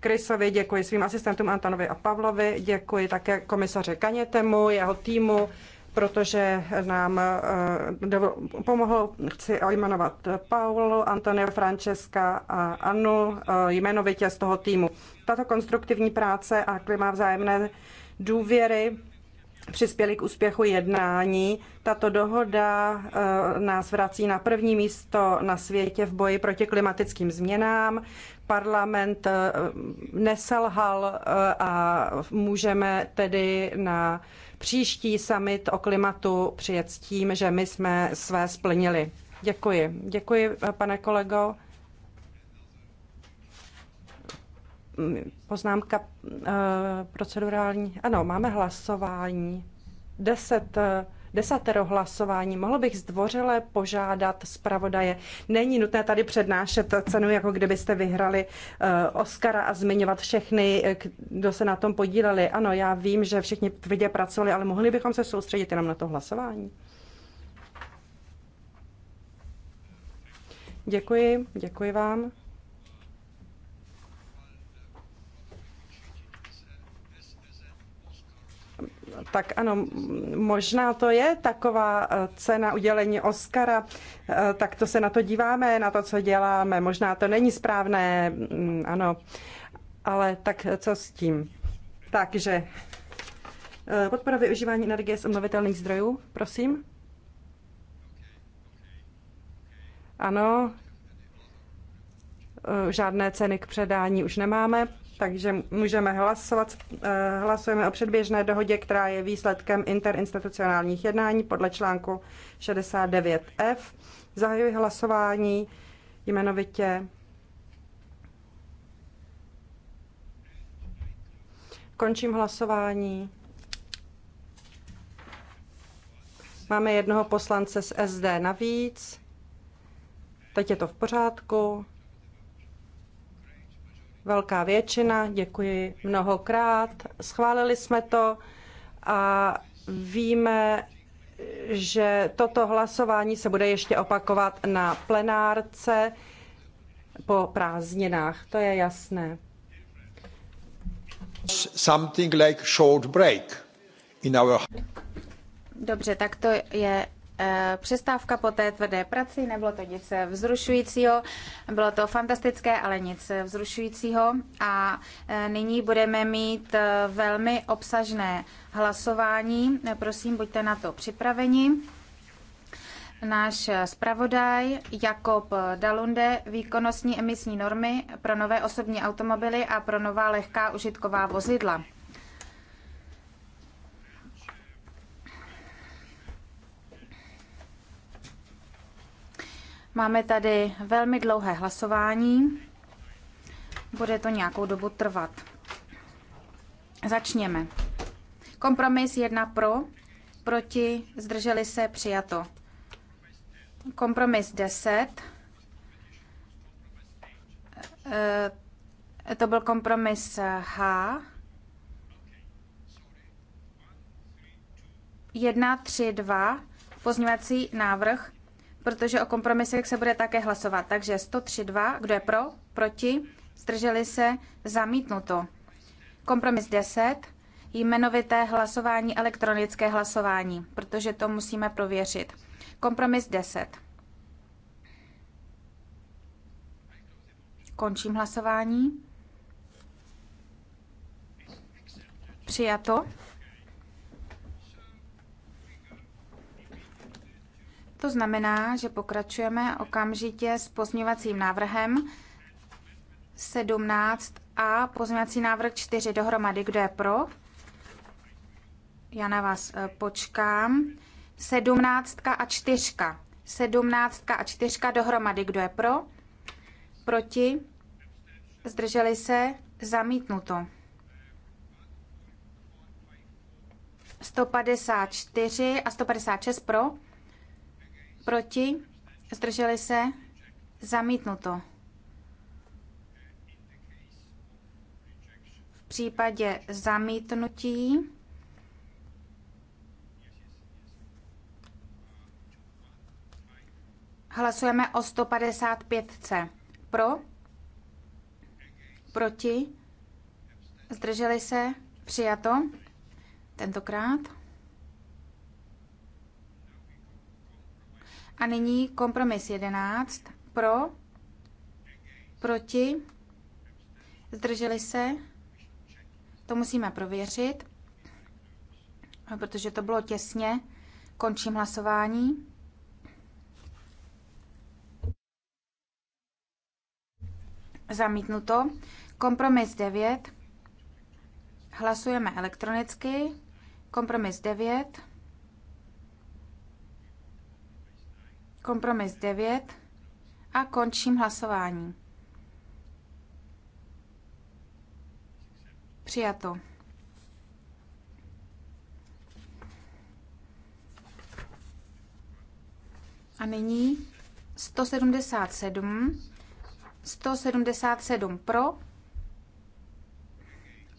Krysovi eh, děkuji svým asistentům Antonovi a Pavlovi, děkuji také komisaři Kanětemu, jeho týmu, protože nám eh, pomohlo chci jmenovat Paulu, Antonio Francesca a Annu eh, jmenovitě z toho týmu. Tato konstruktivní práce a klima vzájemné důvěry přispěli k úspěchu jednání. Tato dohoda eh, nás vrací na první místo na světě v boji proti klimatickým změnám. Parlament neselhal a můžeme tedy na příští summit o klimatu přijet s tím, že my jsme své splnili. Děkuji. Děkuji, pane kolego. Poznámka eh, procedurální. Ano, máme hlasování. Deset eh, desatero hlasování. Mohl bych zdvořile požádat zpravodaje. Není nutné tady přednášet cenu, jako kdybyste vyhrali eh, Oscara a zmiňovat všechny, eh, kdo se na tom podíleli. Ano, já vím, že všichni tvrdě pracovali, ale mohli bychom se soustředit jenom na to hlasování. Děkuji, děkuji vám. tak ano, možná to je taková eh, cena udělení Oscara, eh, tak to se na to díváme, na to, co děláme. Možná to není správné, mm, ano, ale tak eh, co s tím? Takže podpora využívání energie z obnovitelných zdrojů, prosím. Ano, žádné ceny k předání už nemáme. Takže můžeme hlasovat. Eh, hlasujeme o předběžné dohodě, která je výsledkem interinstitucionálních jednání podle článku 69F. Zahajuji hlasování jmenovitě. Končím hlasování. Máme jednoho poslance z SD navíc. Teď je to v pořádku velká většina, děkuji mnohokrát. Schválili jsme to a víme, že toto hlasování se bude ještě opakovat na plenárce po prázdninách, to je jasné. Something like short break in our... Dobře, tak to je Eh, přestávka po té tvrdé práci, nebylo to nic vzrušujícího, bylo to fantastické, ale nic vzrušujícího a eh, nyní budeme mít eh, velmi obsažné hlasování, prosím, buďte na to připraveni. Náš zpravodaj Jakob Dalunde, výkonnostní emisní normy pro nové osobní automobily a pro nová lehká užitková vozidla. Máme tady velmi dlouhé hlasování. Bude to nějakou dobu trvat. Začněme. Kompromis 1 pro, proti, zdrželi se, přijato. Kompromis 10. E, to byl kompromis H. 1, 3, 2, pozměňovací návrh protože o kompromisech se bude také hlasovat. Takže 103.2, kdo je pro, proti, zdrželi se, zamítnuto. Kompromis 10, jmenovité hlasování, elektronické hlasování, protože to musíme prověřit. Kompromis 10. Končím hlasování. Přijato. To znamená, že pokračujeme okamžitě s pozměňovacím návrhem 17 a pozměňovací návrh 4 dohromady. Kdo je pro? Já na vás e, počkám. 17 a 4. 17 a 4 dohromady. Kdo je pro? Proti? Zdrželi se? Zamítnuto. 154 a 156 pro? Proti? Zdrželi se? Zamítnuto. V případě zamítnutí hlasujeme o 155C. Pro? Proti? Zdrželi se? Přijato? Tentokrát. A nyní kompromis 11. Pro, proti, zdrželi se. To musíme prověřit, protože to bylo těsně. Končím hlasování. Zamítnuto. Kompromis 9. Hlasujeme elektronicky. Kompromis 9. Kompromis 9 a končím hlasování. Přijato. A nyní 177, 177 pro,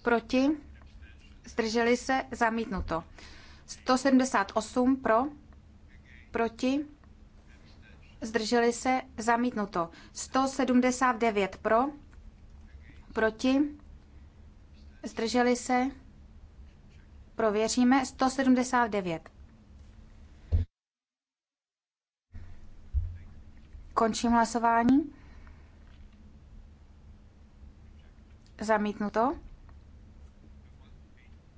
proti, zdrželi se, zamítnuto. 178 pro, proti, zdrželi se, zamítnuto. 179 pro, proti, zdrželi se, prověříme, 179. Končím hlasování. Zamítnuto.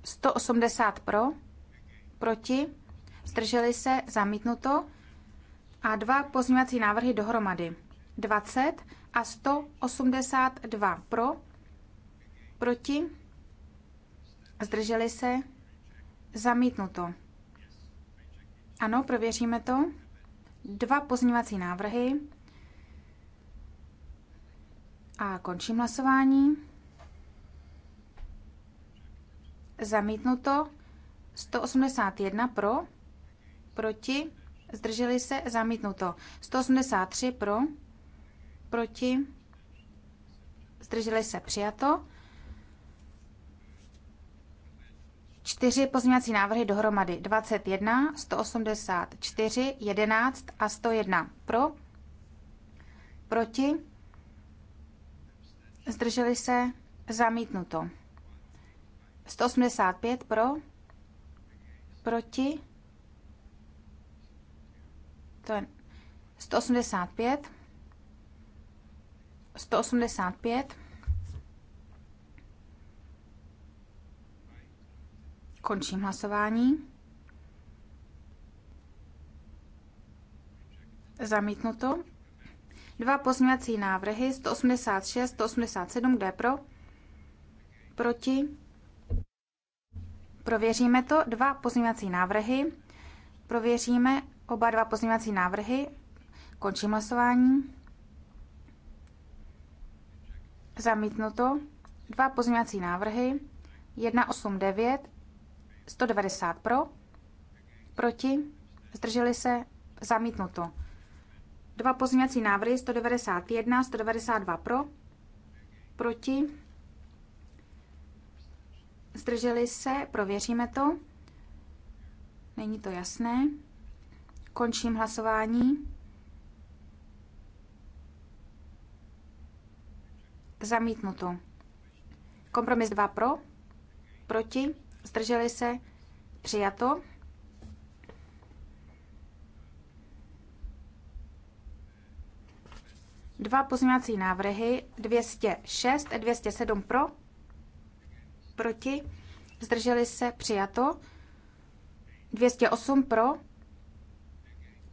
180 pro, proti, zdrželi se, zamítnuto a dva pozměňovací návrhy dohromady. 20 a 182 pro, proti, zdrželi se, zamítnuto. Ano, prověříme to. Dva pozměňovací návrhy. A končím hlasování. Zamítnuto 181 pro, proti, zdrželi se, zamítnuto. 183 pro, proti, zdrželi se, přijato. Čtyři pozměňovací návrhy dohromady 21, 184, 11 a 101 pro, proti, zdrželi se, zamítnuto. 185 pro, proti, to je 185, 185, končím hlasování, zamítnuto, dva pozměňovací návrhy, 186, 187, kde je pro, proti, prověříme to, dva pozměňovací návrhy, prověříme Oba dva pozměňovací návrhy. Končím hlasování. Zamítnuto. Dva pozměňovací návrhy. 189, 190 pro, proti, zdrželi se, zamítnuto. Dva pozměňovací návrhy 191, 192 pro, proti, zdrželi se, prověříme to. Není to jasné. Končím hlasování. Zamítnuto. Kompromis 2 pro, proti, zdrželi se, přijato. Dva pozměňovací návrhy, 206 a 207 pro, proti, zdrželi se, přijato. 208 pro,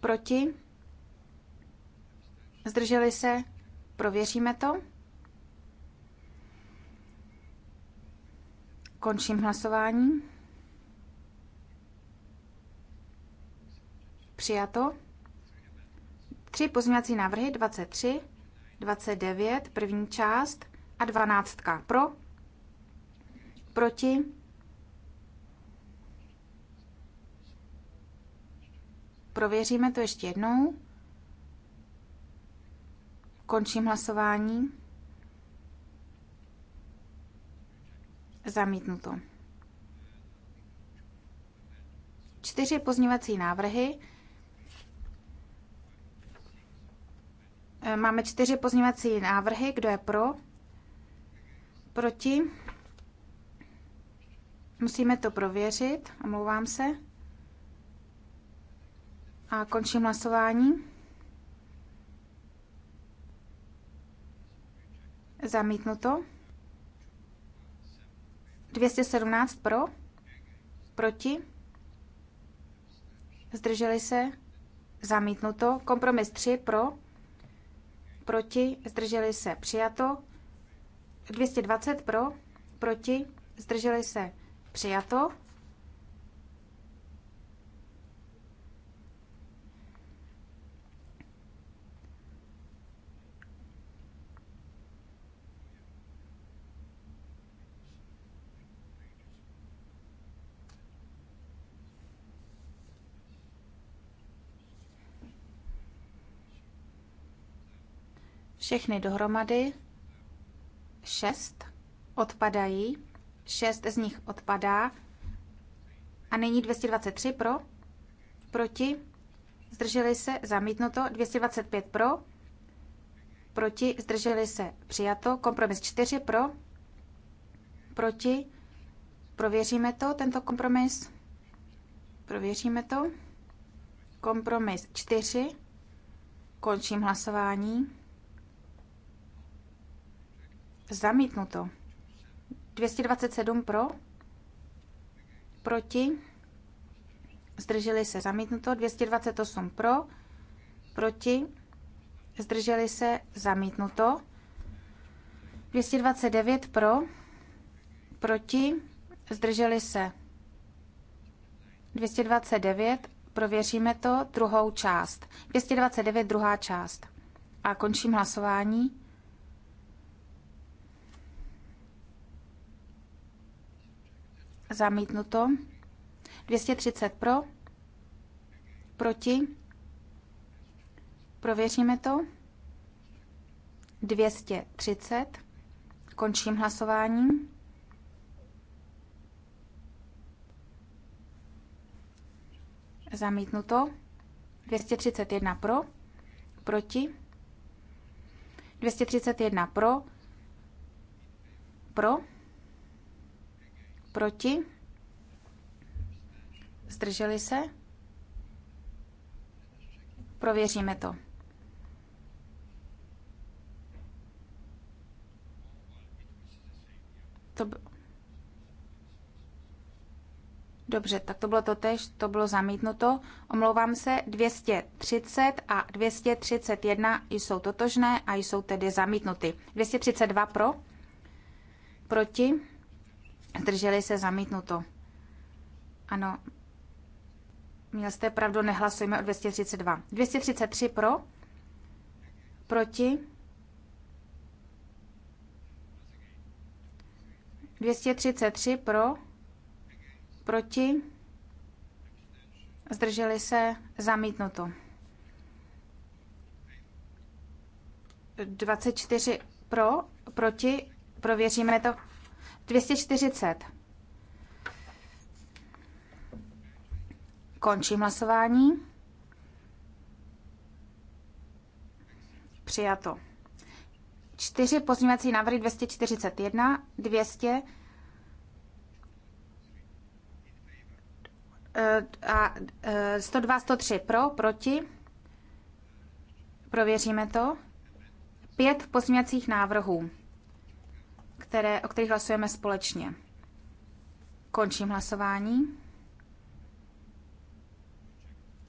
Proti? Zdrželi se? Prověříme to. Končím hlasování. Přijato. Tři pozměňovací návrhy, 23, 29, první část a 12 pro, proti, Prověříme to ještě jednou. Končím hlasování. Zamítnuto. Čtyři pozněvací návrhy. E, máme čtyři pozněvací návrhy. Kdo je pro? Proti? Musíme to prověřit. Omlouvám se. A končím hlasování. Zamítnuto. 217 pro, proti, zdrželi se, zamítnuto. Kompromis 3 pro, proti, zdrželi se, přijato. 220 pro, proti, zdrželi se, přijato. Všechny dohromady. Šest odpadají. Šest z nich odpadá. A nyní 223 pro, proti, zdrželi se, zamítnuto, 225 pro, proti, zdrželi se, přijato, kompromis 4 pro, proti, prověříme to, tento kompromis, prověříme to, kompromis 4, končím hlasování. Zamítnuto. 227 pro, proti, zdrželi se. Zamítnuto. 228 pro, proti, zdrželi se. Zamítnuto. 229 pro, proti, zdrželi se. 229, prověříme to, druhou část. 229, druhá část. A končím hlasování. Zamítnuto. 230 pro. Proti. Prověříme to. 230. Končím hlasování. Zamítnuto. 231 pro. Proti. 231 pro. Pro. Proti? Zdrželi se? Prověříme to. To b... Dobře, tak to bylo to tež, to bylo zamítnuto. Omlouvám se, 230 a 231 jsou totožné a jsou tedy zamítnuty. 232 pro, proti Zdrželi se zamítnuto. Ano, měl jste pravdu, nehlasujeme o 232. 233 pro, proti, 233 pro, proti, zdrželi se, zamítnuto. 24 pro, proti, prověříme to. 240. Končím hlasování. Přijato. Čtyři pozměňovací návrhy 241, 200 eh, a 102, eh, 103 pro, proti. Prověříme to. Pět pozměňovacích návrhů které, o kterých hlasujeme společně. Končím hlasování.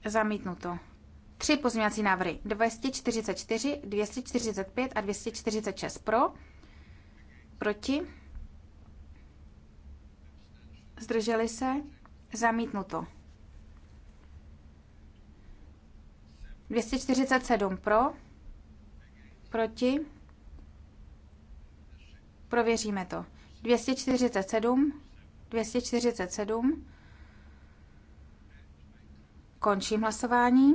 Zamítnuto. Tři pozměňovací návrhy 244, 245 a 246 pro, proti, zdrželi se, zamítnuto. 247 pro, proti, Prověříme to. 247, 247. Končím hlasování.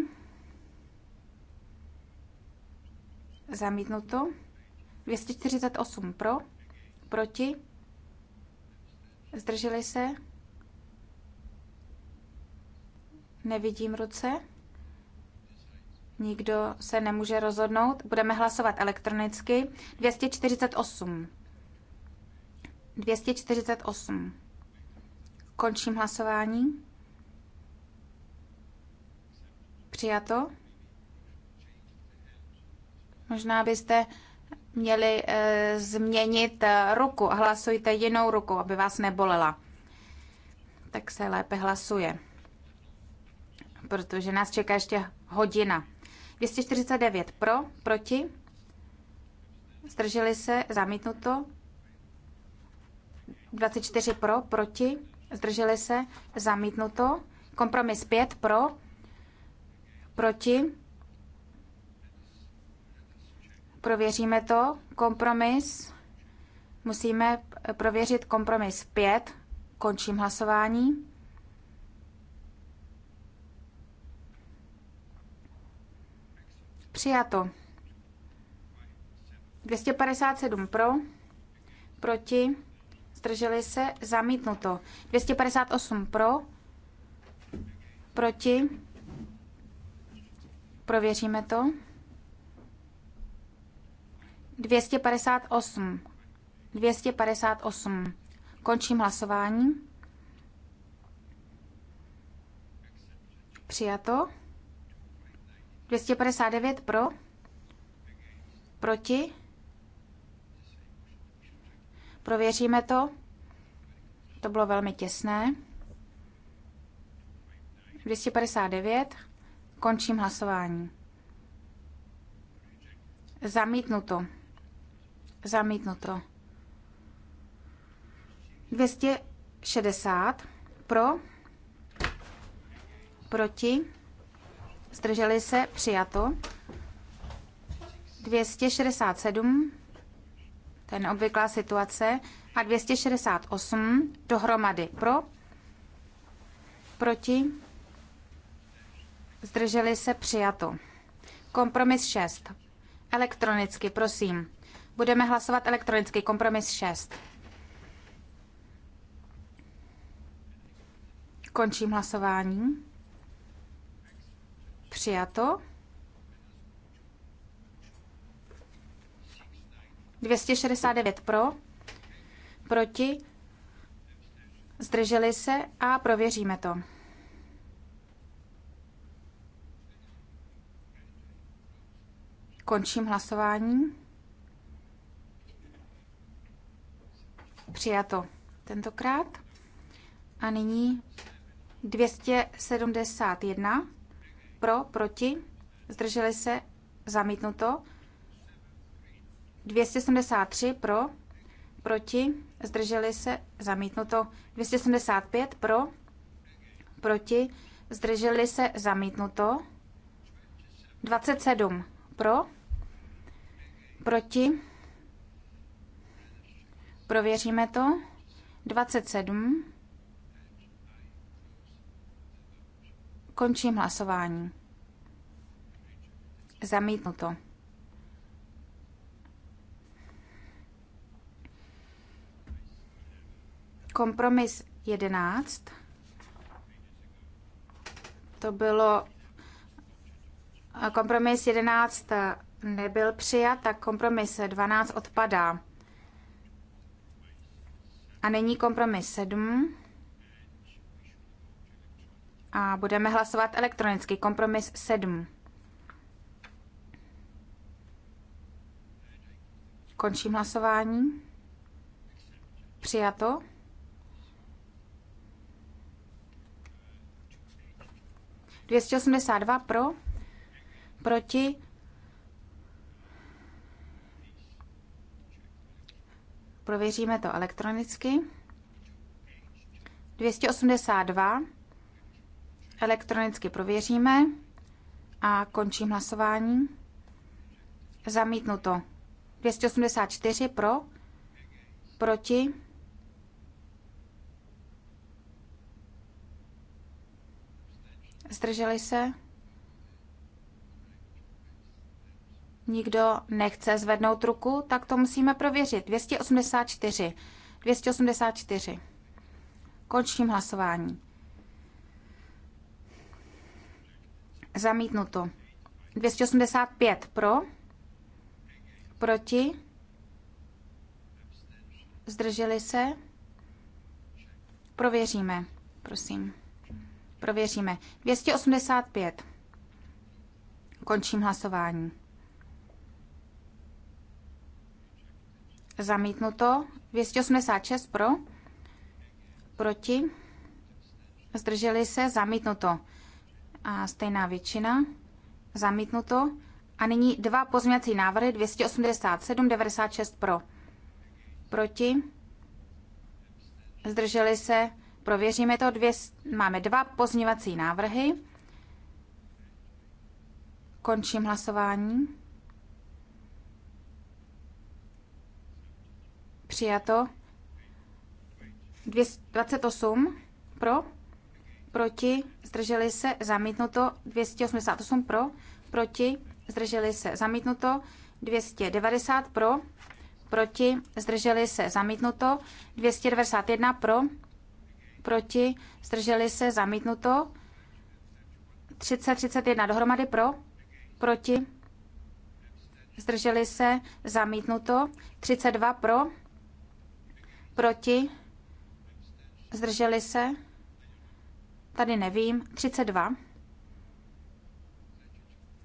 Zamítnuto. 248 pro, proti, zdrželi se, nevidím ruce, nikdo se nemůže rozhodnout, budeme hlasovat elektronicky, 248. 248. Končím hlasování. Přijato. Možná byste měli e, změnit eh, ruku. Hlasujte jinou ruku, aby vás nebolela. Tak se lépe hlasuje. Protože nás čeká ještě hodina. 249 pro, proti. Zdrželi se, zamítnuto. 24 pro, proti, zdrželi se, zamítnuto. Kompromis 5 pro, proti. Prověříme to. Kompromis. Musíme prověřit kompromis 5. Končím hlasování. Přijato. 257 pro, proti zdrželi se, zamítnuto. 258 pro, proti, prověříme to. 258. 258. Končím hlasování. Přijato. 259 pro. Proti. Prověříme to. To bylo velmi těsné. 259. Končím hlasování. Zamítnuto. Zamítnuto. 260 pro, proti, zdrželi se, přijato. 267 to je neobvyklá situace, a 268 dohromady pro, proti, zdrželi se přijato. Kompromis 6. Elektronicky, prosím. Budeme hlasovat elektronicky. Kompromis 6. Končím hlasování. Přijato. 269 pro, proti, zdrželi se a prověříme to. Končím hlasování. Přijato tentokrát. A nyní 271 pro, proti, zdrželi se, zamítnuto. 273 pro, proti, zdrželi se, zamítnuto. 275 pro, proti, zdrželi se, zamítnuto. 27 pro, proti, prověříme to. 27. Končím hlasování. Zamítnuto. Kompromis 11. To bylo kompromis 11 nebyl přijat, tak kompromis 12 odpadá. A není kompromis 7. A budeme hlasovat elektronicky. Kompromis 7. Končím hlasování. Přijato. 282 pro, proti, prověříme to elektronicky, 282 elektronicky prověříme a končím hlasování. Zamítnuto. 284 pro, proti, Zdrželi se? Nikdo nechce zvednout ruku, tak to musíme prověřit. 284. 284. Končím hlasování. Zamítnuto. 285 pro, proti, zdrželi se. Prověříme, prosím. Prověříme. 285. Končím hlasování. Zamítnuto. 286 pro. Proti. Zdrželi se. Zamítnuto. A stejná většina. Zamítnuto. A nyní dva pozměňovací návrhy. 287, 96 pro. Proti. Zdrželi se. Prověříme to. Dvě, máme dva pozměvací návrhy. Končím hlasování. Přijato. 28 pro, proti, zdrželi se, zamítnuto. 288 pro, proti, zdrželi se, zamítnuto. 290 pro, proti, zdrželi se, zamítnuto. 291 pro, proti, zdrželi se, zamítnuto. 30, 31 dohromady pro, proti, zdrželi se, zamítnuto. 32 pro, proti, zdrželi se, tady nevím, 32.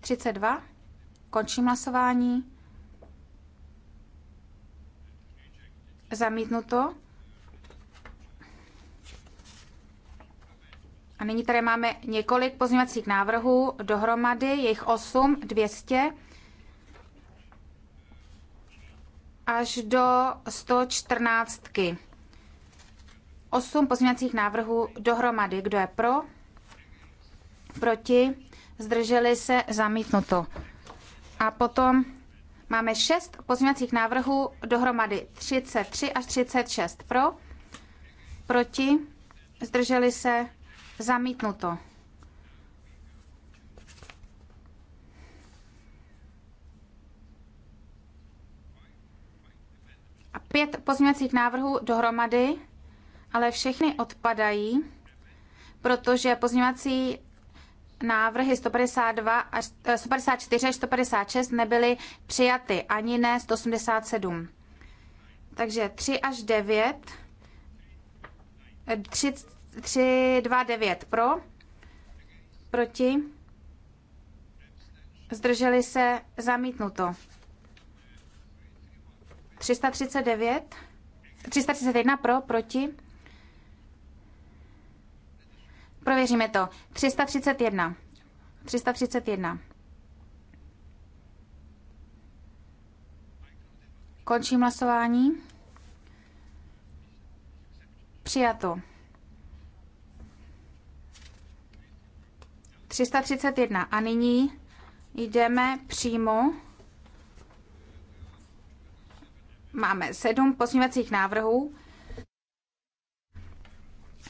32, končím hlasování. Zamítnuto. A nyní tady máme několik pozměňovacích návrhů, dohromady jejich 8, 200 až do 114. 8 pozměňovacích návrhů dohromady. Kdo je pro? Proti? Zdrželi se? Zamítnuto. A potom máme 6 pozměňovacích návrhů dohromady. 33 až 36 pro? Proti? Zdrželi se? Zamítnuto. A pět pozměňovacích návrhů dohromady, ale všechny odpadají, protože pozměňovací návrhy 152 až 154 eh, až 156 nebyly přijaty, ani ne 187. Takže 3 až 9, 3, eh, 3, 2, 9 pro, proti, zdrželi se, zamítnuto. 339, 331 pro, proti, prověříme to, 331, 331. Končím hlasování. Přijato. 331. A nyní jdeme přímo. Máme sedm pozměňovacích návrhů.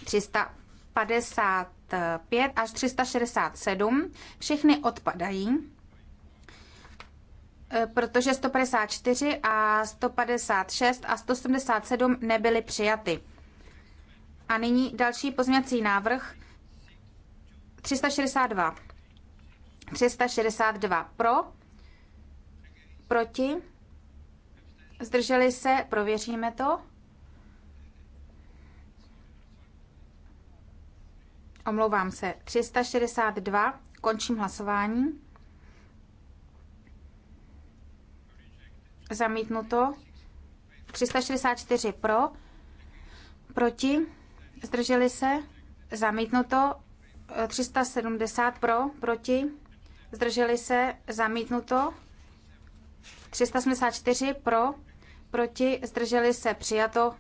355 až 367. Všechny odpadají, eh, protože 154 a 156 a 177 nebyly přijaty. A nyní další pozměňovací návrh 362. 362 pro, proti, zdrželi se, prověříme to. Omlouvám se, 362, končím hlasování. Zamítnuto. 364 pro, proti, zdrželi se, zamítnuto. 370 pro, proti, zdrželi se, zamítnuto. 374 pro, proti, zdrželi se, přijato.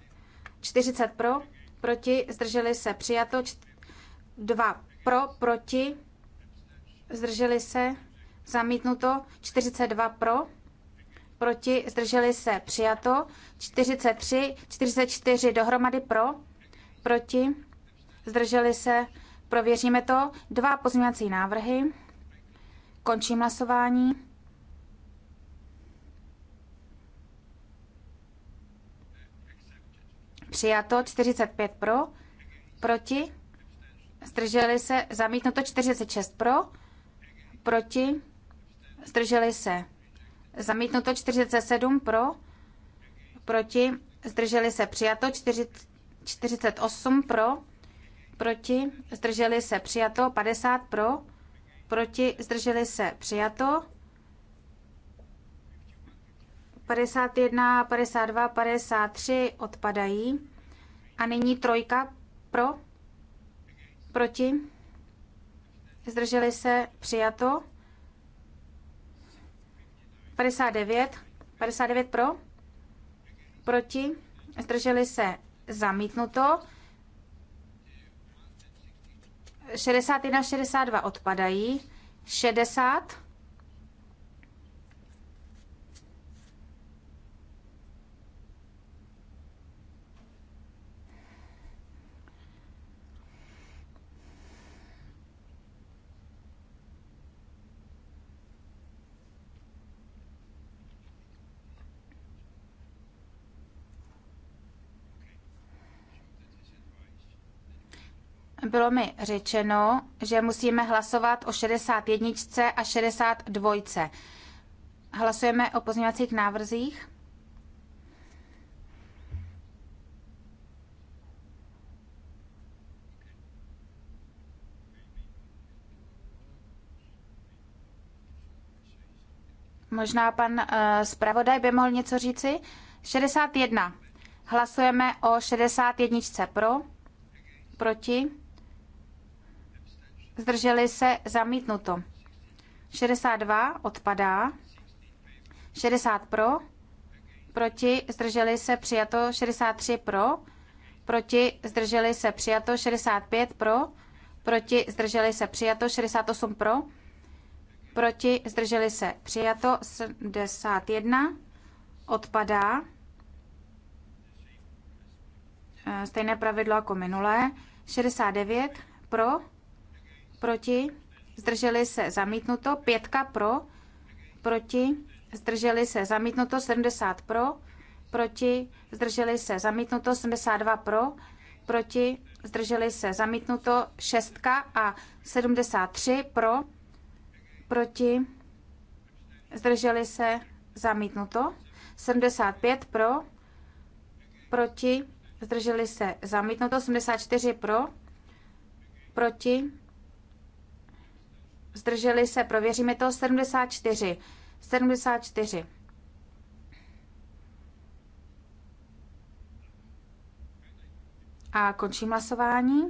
40 pro, proti, zdrželi se, přijato. 2 pro, proti, zdrželi se, zamítnuto. 42 pro, proti, zdrželi se, přijato. 43, 44 dohromady pro, proti, zdrželi se, Prověříme to. Dva pozměňovací návrhy. Končím hlasování. Přijato 45 pro, proti, zdrželi se, zamítnuto 46 pro, proti, zdrželi se, zamítnuto 47 pro, proti, zdrželi se, přijato 48 pro, proti, zdrželi se přijato, 50 pro, proti, zdrželi se přijato, 51, 52, 53 odpadají. A nyní trojka pro, proti, zdrželi se přijato, 59, 59 pro, proti, zdrželi se zamítnuto, 61 62 odpadají. 60 bylo mi řečeno, že musíme hlasovat o 61 a 62. Hlasujeme o pozměňovacích návrzích. Možná pan uh, zpravodaj by mohl něco říci. 61. Hlasujeme o 61. Pro? Proti? zdrželi se, zamítnuto. 62 odpadá, 60 pro, proti, zdrželi se, přijato, 63 pro, proti, zdrželi se, přijato, 65 pro, proti, zdrželi se, přijato, 68 pro, proti, zdrželi se, přijato, 71 odpadá, eh, stejné pravidlo jako minulé, 69 pro, proti, zdrželi se zamítnuto, pětka pro, proti, zdrželi se zamítnuto, 70 pro, proti, zdrželi se zamítnuto, 72 pro, proti, zdrželi se zamítnuto, šestka a 73 pro, proti, zdrželi se zamítnuto, 75 pro, proti, zdrželi se zamítnuto, 74 pro, proti, zdrželi se, prověříme to, 74. 74. A končím hlasování.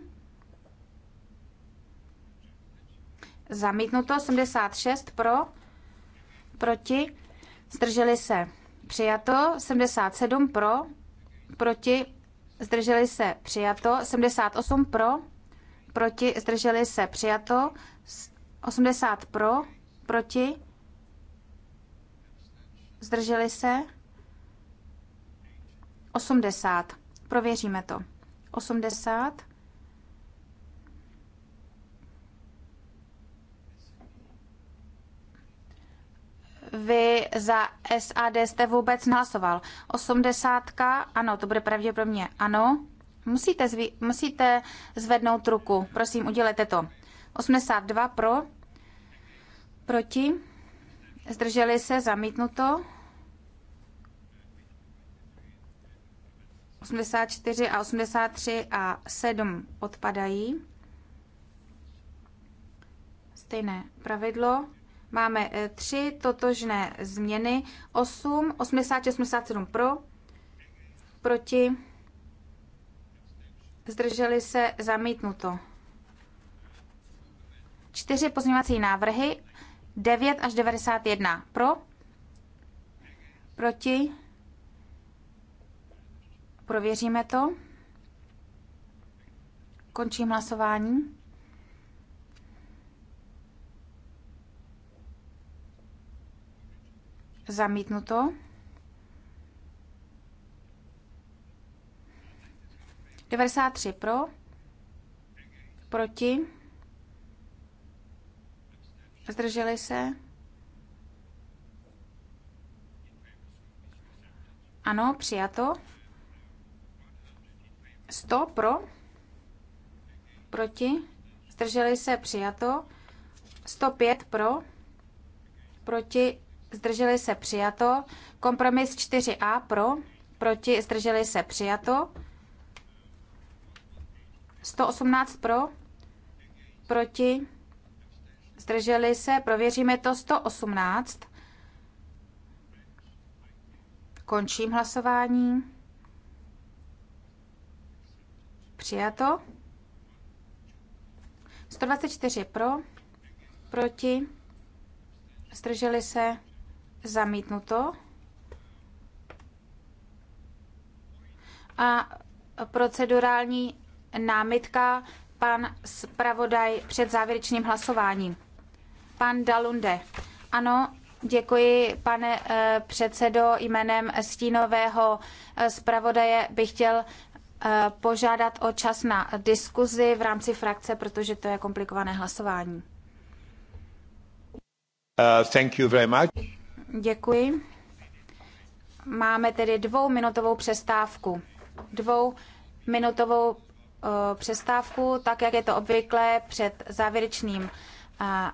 Zamítnuto 76 pro, proti, zdrželi se. Přijato 77 pro, proti, zdrželi se. Přijato 78 pro, proti, zdrželi se. Přijato 80 pro, proti, zdrželi se, 80, prověříme to, 80, vy za SAD jste vůbec hlasoval. 80, ano, to bude pravděpodobně ano. Musíte, zvi, musíte zvednout ruku, prosím, udělejte to. 82 pro, proti, zdrželi se, zamítnuto. 84 a 83 a 7 odpadají. Stejné pravidlo. Máme eh, tři totožné změny. 8, 86, 87 pro, proti, zdrželi se, zamítnuto čtyři pozměňovací návrhy 9 až 91. Pro? Proti? Prověříme to. Končím hlasování. Zamítnuto. devadesát tři pro, proti Zdrželi se? Ano, přijato. 100 pro? Proti? Zdrželi se? Přijato. 105 pro? Proti? Zdrželi se? Přijato. Kompromis 4a pro? Proti? Zdrželi se? Přijato. 118 pro? Proti? zdrželi se, prověříme to 118. Končím hlasování. Přijato. 124 pro, proti, zdrželi se, zamítnuto. A procedurální námitka pan zpravodaj před závěrečným hlasováním. Pan Dalunde. Ano, Děkuji, pane eh, předsedo. Jménem stínového eh, zpravodaje bych chtěl eh, požádat o čas na diskuzi v rámci frakce, protože to je komplikované hlasování. Uh, thank you very much. Děkuji. Máme tedy dvouminutovou přestávku. Dvouminutovou uh, přestávku, tak jak je to obvykle před závěrečným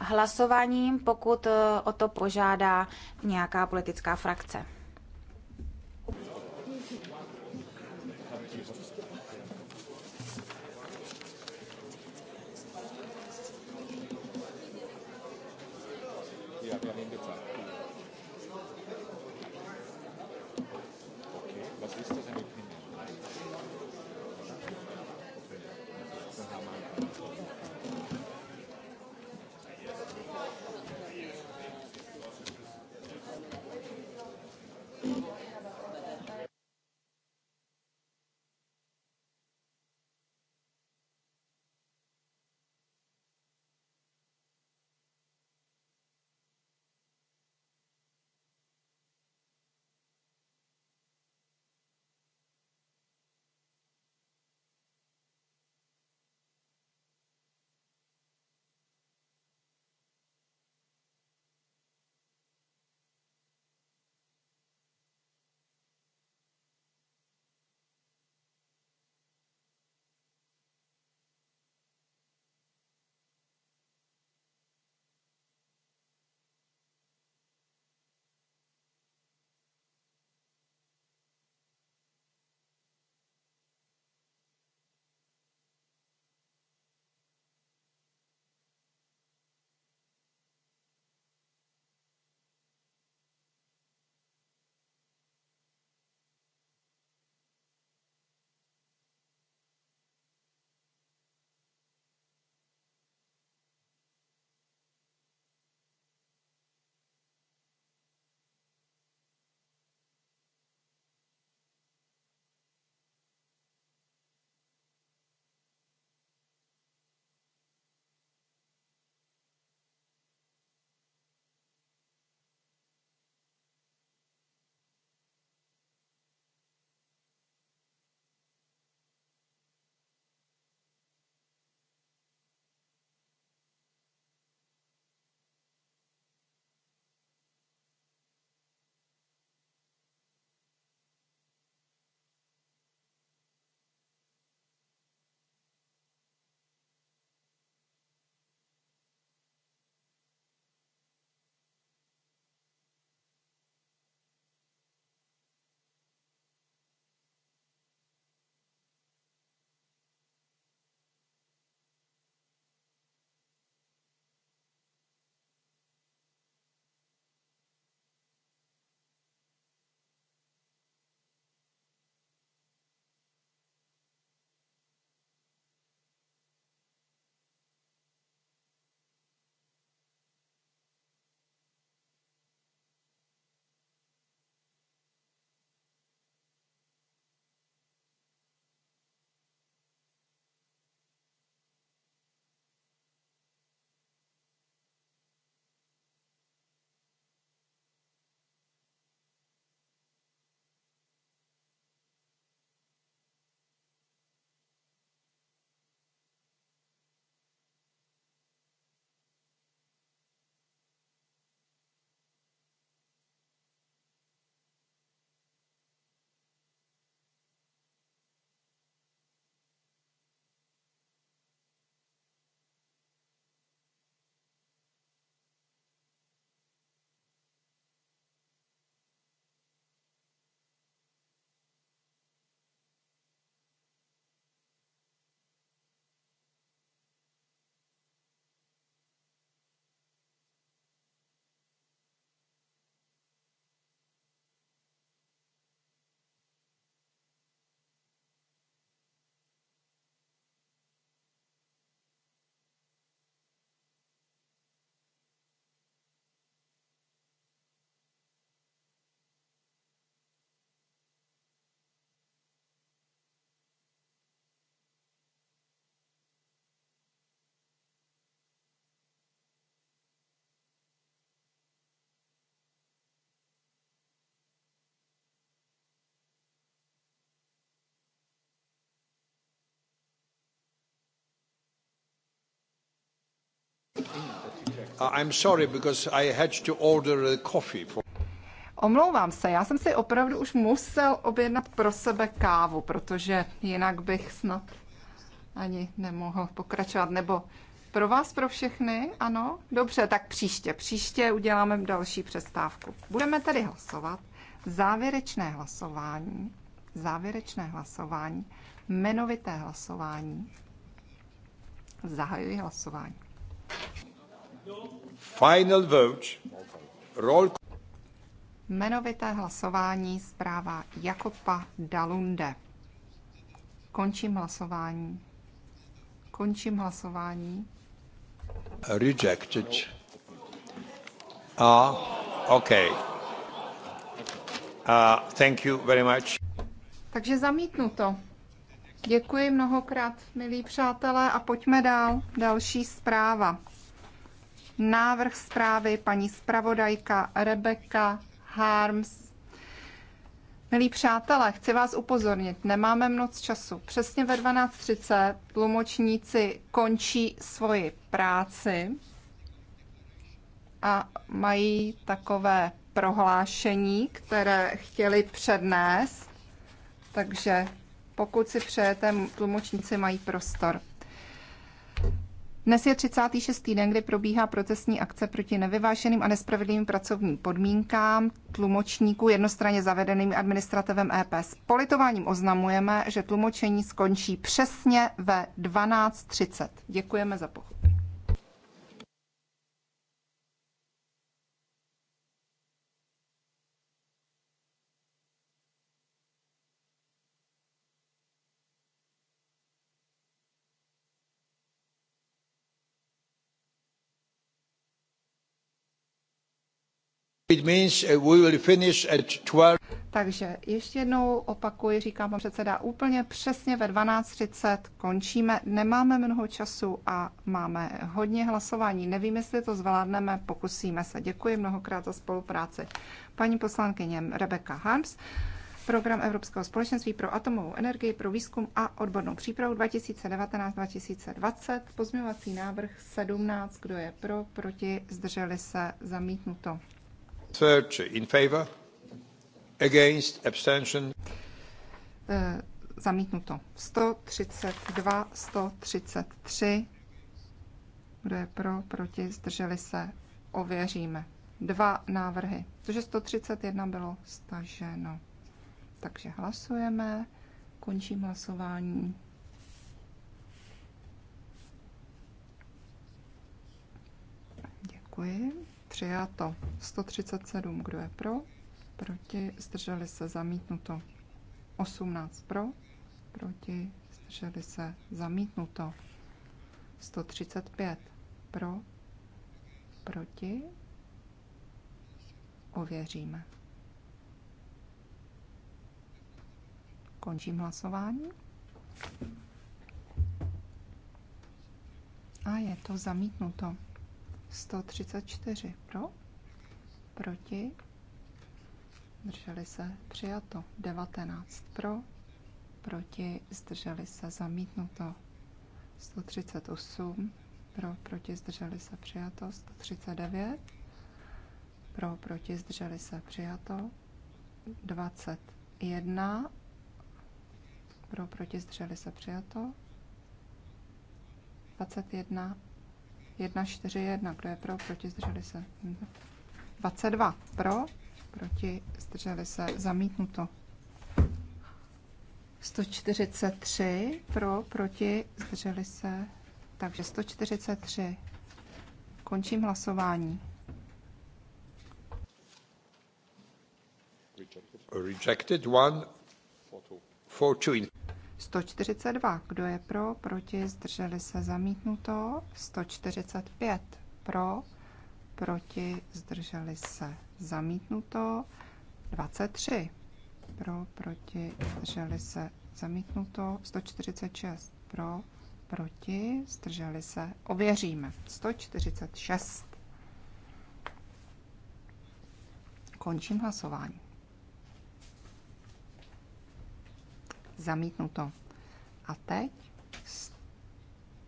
hlasováním, pokud eh, o to požádá nějaká politická frakce. Omlouvám se, já jsem si opravdu už musel objednat pro sebe kávu, protože jinak bych snad ani nemohl pokračovat. Nebo pro vás, pro všechny, ano? Dobře, tak příště. Příště uděláme další přestávku. Budeme tedy hlasovat. Závěrečné hlasování. Závěrečné hlasování. Jmenovité hlasování. Zahajuji hlasování. Final vote. Roll. Jmenovité hlasování zpráva Jakopa Dalunde. Končím hlasování. Končím hlasování. Rejected. Ah, uh, Uh, thank you very much. Takže zamítnu to. Děkuji mnohokrát, milí přátelé, a pojďme dál. Další zpráva návrh zprávy paní zpravodajka Rebecca Harms. Milí přátelé, chci vás upozornit, nemáme moc času. Přesně ve 12.30 tlumočníci končí svoji práci a mají takové prohlášení, které chtěli přednést. Takže pokud si přejete, tlumočníci mají prostor. Dnes je 36. den, kdy probíhá procesní akce proti nevyváženým a nespravedlivým pracovním podmínkám tlumočníků jednostranně zavedeným administrativem EPS. politováním oznamujeme, že tlumočení skončí přesně ve 12.30. Děkujeme za pochopení. Uh, Takže ještě jednou opakuji, říká pan předseda, úplně přesně ve 12.30 končíme. Nemáme mnoho času a máme hodně hlasování. Nevím, jestli to zvládneme, pokusíme se. Děkuji mnohokrát za spolupráci. Paní poslankyně Rebecca Harms, program Evropského společenství pro atomovou energii, pro výzkum a odbornou přípravu 2019-2020, pozměňovací návrh 17, kdo je pro, proti, zdrželi se, zamítnuto. 30 in favor, against, abstention. Eh, zamítnuto. 132, 133. Kdo je pro, proti, zdrželi se, ověříme. Dva návrhy, protože 131 bylo staženo. Takže hlasujeme, končím hlasování. Děkuji. Přijato. 137. Kdo je pro? Proti. Zdrželi se. Zamítnuto. 18 pro. Proti. Zdrželi se. Zamítnuto. 135 pro. Proti. Ověříme. Končím hlasování. A je to zamítnuto. 134 pro, proti, zdrželi se přijato 19 pro, proti, zdrželi se zamítnuto 138 pro, proti, zdrželi se přijato 139 pro, proti, zdrželi se přijato 21 pro, proti, zdrželi se přijato 21 1, 4, 1. Kdo je pro? Proti? Zdrželi se. 22. Pro? Proti? Zdrželi se. Zamítnuto. 143. Pro? Proti? Zdrželi se. Takže 143. Končím hlasování. Rejected one. four two. Four two. 142. Kdo je pro? Proti? Zdrželi se? Zamítnuto. 145. Pro? Proti? Zdrželi se? Zamítnuto. 23. Pro? Proti? Zdrželi se? Zamítnuto. 146. Pro? Proti? Zdrželi se? Ověříme. 146. Končím hlasování. zamítnuto. A teď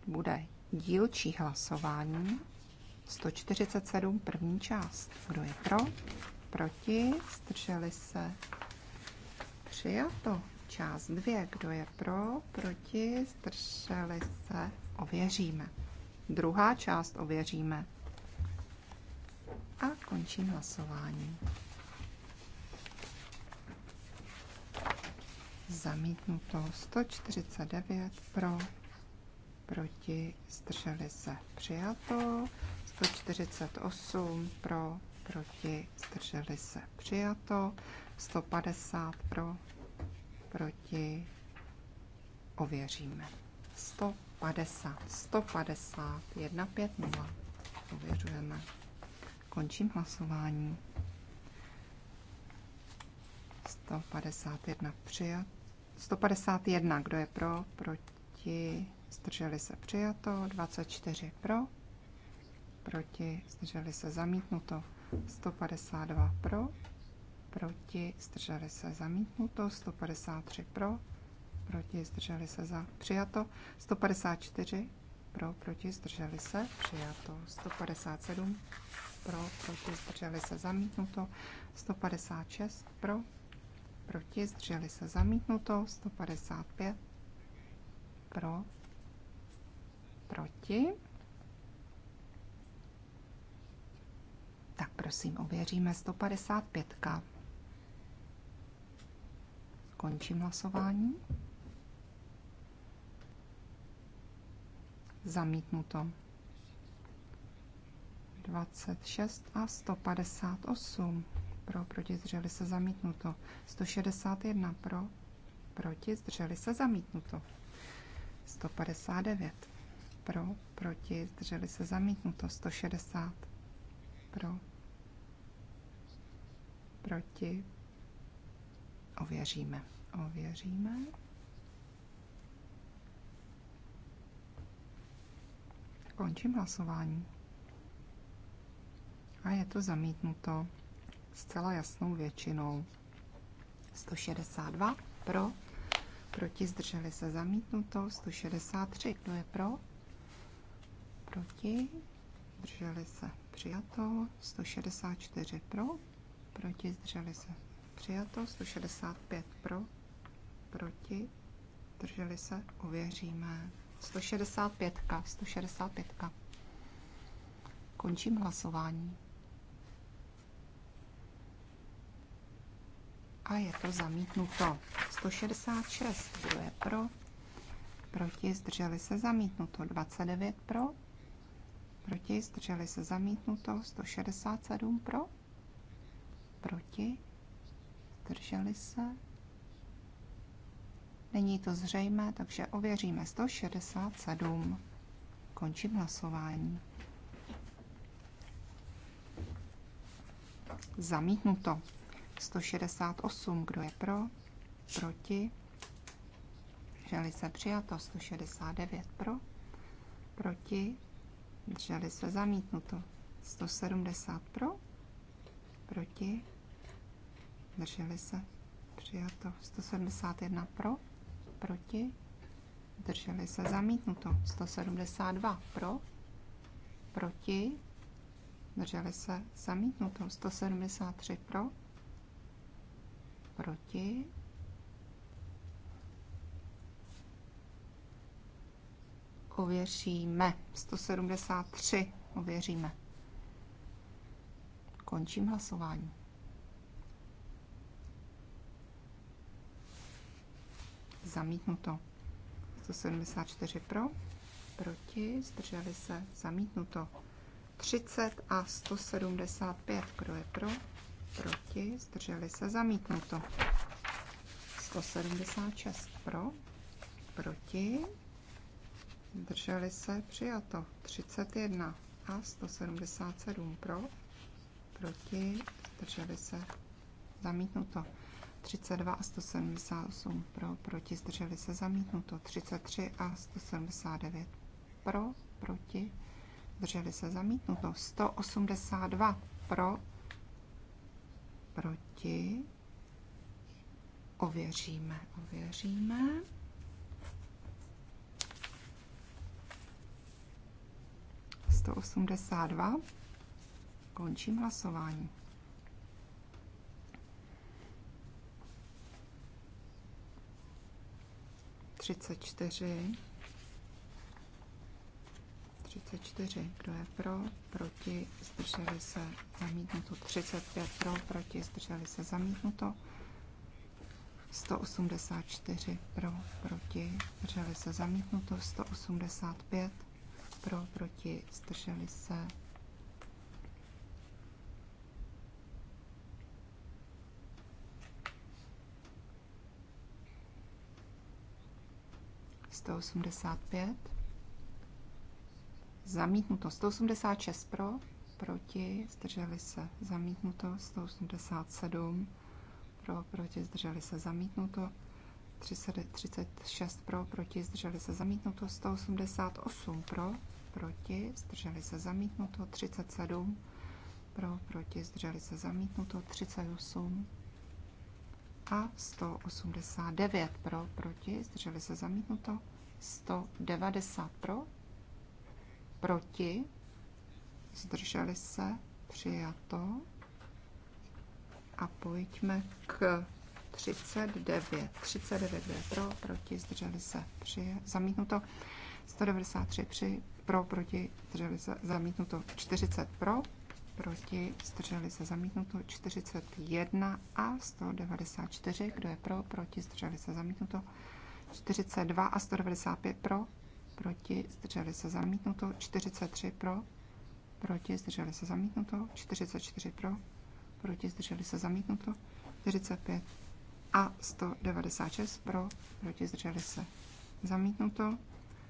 bude dílčí hlasování 147 první část. Kdo je pro? Proti? Zdrželi se? Přijato. Část dvě. Kdo je pro? Proti? Zdrželi se? Ověříme. Druhá část ověříme. A končím hlasování. zamítnuto 149 pro, proti, zdrželi se přijato, 148 pro, proti, zdrželi se přijato, 150 pro, proti, ověříme. 150, 150, 150, ověřujeme. Končím hlasování. 151 přijat. 151, kdo je pro, proti, zdrželi se přijato, 24 pro, proti, zdrželi se zamítnuto, 152 pro, proti, zdrželi se zamítnuto, 153 pro, proti, zdrželi se za přijato, 154 pro, proti, zdrželi se přijato, 157 pro, proti, zdrželi se zamítnuto, 156 pro, proti, zdrželi se zamítnuto, 155 pro, proti. Tak prosím, ověříme 155. Končím hlasování. Zamítnuto. 26 a 158 pro, proti zdrželi se zamítnuto. 161 pro, proti zdrželi se zamítnuto. 159 pro, proti zdrželi se zamítnuto. 160 pro, proti. Ověříme. Ověříme. Končím hlasování. A je to zamítnuto zcela jasnou většinou. 162 pro, proti zdrželi se zamítnuto, 163, kdo je pro, proti, zdrželi se přijato, 164 pro, proti zdrželi se přijato, 165 pro, proti, zdrželi se, uvěříme 165, 165. Končím hlasování. a je to zamítnuto. 166, kdo je pro, proti, zdrželi se zamítnuto. 29 pro, proti, zdrželi se zamítnuto. 167 pro, proti, zdrželi se. Není to zřejmé, takže ověříme 167. Končím hlasování. Zamítnuto. 168. Kdo je pro? Proti? Drželi se přijato. 169 pro? Proti? Drželi se zamítnuto. 170 pro? Proti? Drželi se přijato. 171 pro? Proti? Drželi se zamítnuto. 172 pro? Proti? Drželi se zamítnuto. 173 pro? proti. Ověříme. 173 ověříme. Končím hlasování. Zamítnuto. 174 pro, proti, zdrželi se, zamítnuto. 30 a 175, kdo je pro, proti, zdrželi se, zamítnuto. 176 pro, proti, zdrželi se, přijato. 31 a 177 pro, proti, zdrželi se, zamítnuto. 32 a 178 pro, proti, zdrželi se, zamítnuto. 33 a 179 pro, proti, zdrželi se, zamítnuto. 182 pro, proti. Ověříme, ověříme. osmdesát Končím hlasování. Třicet čtyři. 34. Kdo je pro? Proti? Zdrželi se? Zamítnuto. 35. Pro? Proti? Zdrželi se? Zamítnuto. 184. Pro? Proti? Zdrželi se? Zamítnuto. 185. Pro? Proti? Zdrželi se? Sto osmdesát pět. Zamítnuto 186 pro, proti, zdrželi se. Zamítnuto 187 pro, proti, zdrželi se. Zamítnuto 36 pro, proti, zdrželi se. Zamítnuto 188 pro, proti, zdrželi se. Zamítnuto 37 pro, proti, zdrželi se. Zamítnuto 38 a 189 pro, proti, zdrželi se. Zamítnuto 190 pro, proti, zdrželi se, přijato. A pojďme k 39. 39 je pro, proti, zdrželi se, při, zamítnuto. 193 při, pro, proti, zdrželi se, zamítnuto. 40 pro, proti, zdrželi se, zamítnuto. 41 a 194, kdo je pro, proti, zdrželi se, zamítnuto. 42 a 195 pro, proti, zdrželi se zamítnuto, 43 pro, proti, zdrželi se zamítnuto, 44 pro, proti, zdrželi se zamítnuto, 45 a 196 pro, proti, zdrželi se zamítnuto,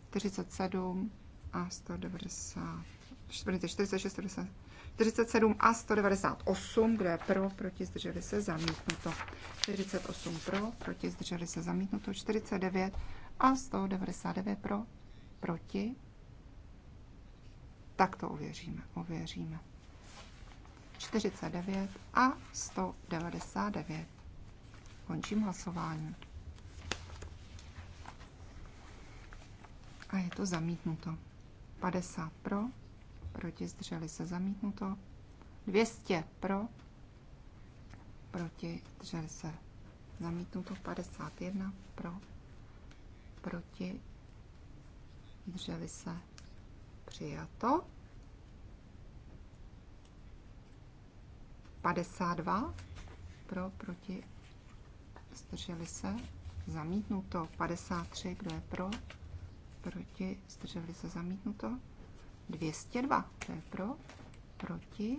47 a 190, 47 a 198, kdo je pro, proti, zdrželi se, zamítnuto. 48 pro, proti, zdrželi se, zamítnuto. 49 a 199 pro, Proti? Tak to ověříme. Ověříme. 49 a 199. Končím hlasování. A je to zamítnuto. 50 pro, proti zdrželi se zamítnuto. 200 pro, proti zdrželi se zamítnuto. 51 pro, proti Zdrželi se. Přijato. 52 pro, proti, zdrželi se, zamítnuto. 53, kdo je pro, proti, zdrželi se, zamítnuto. 202, kdo je pro, proti,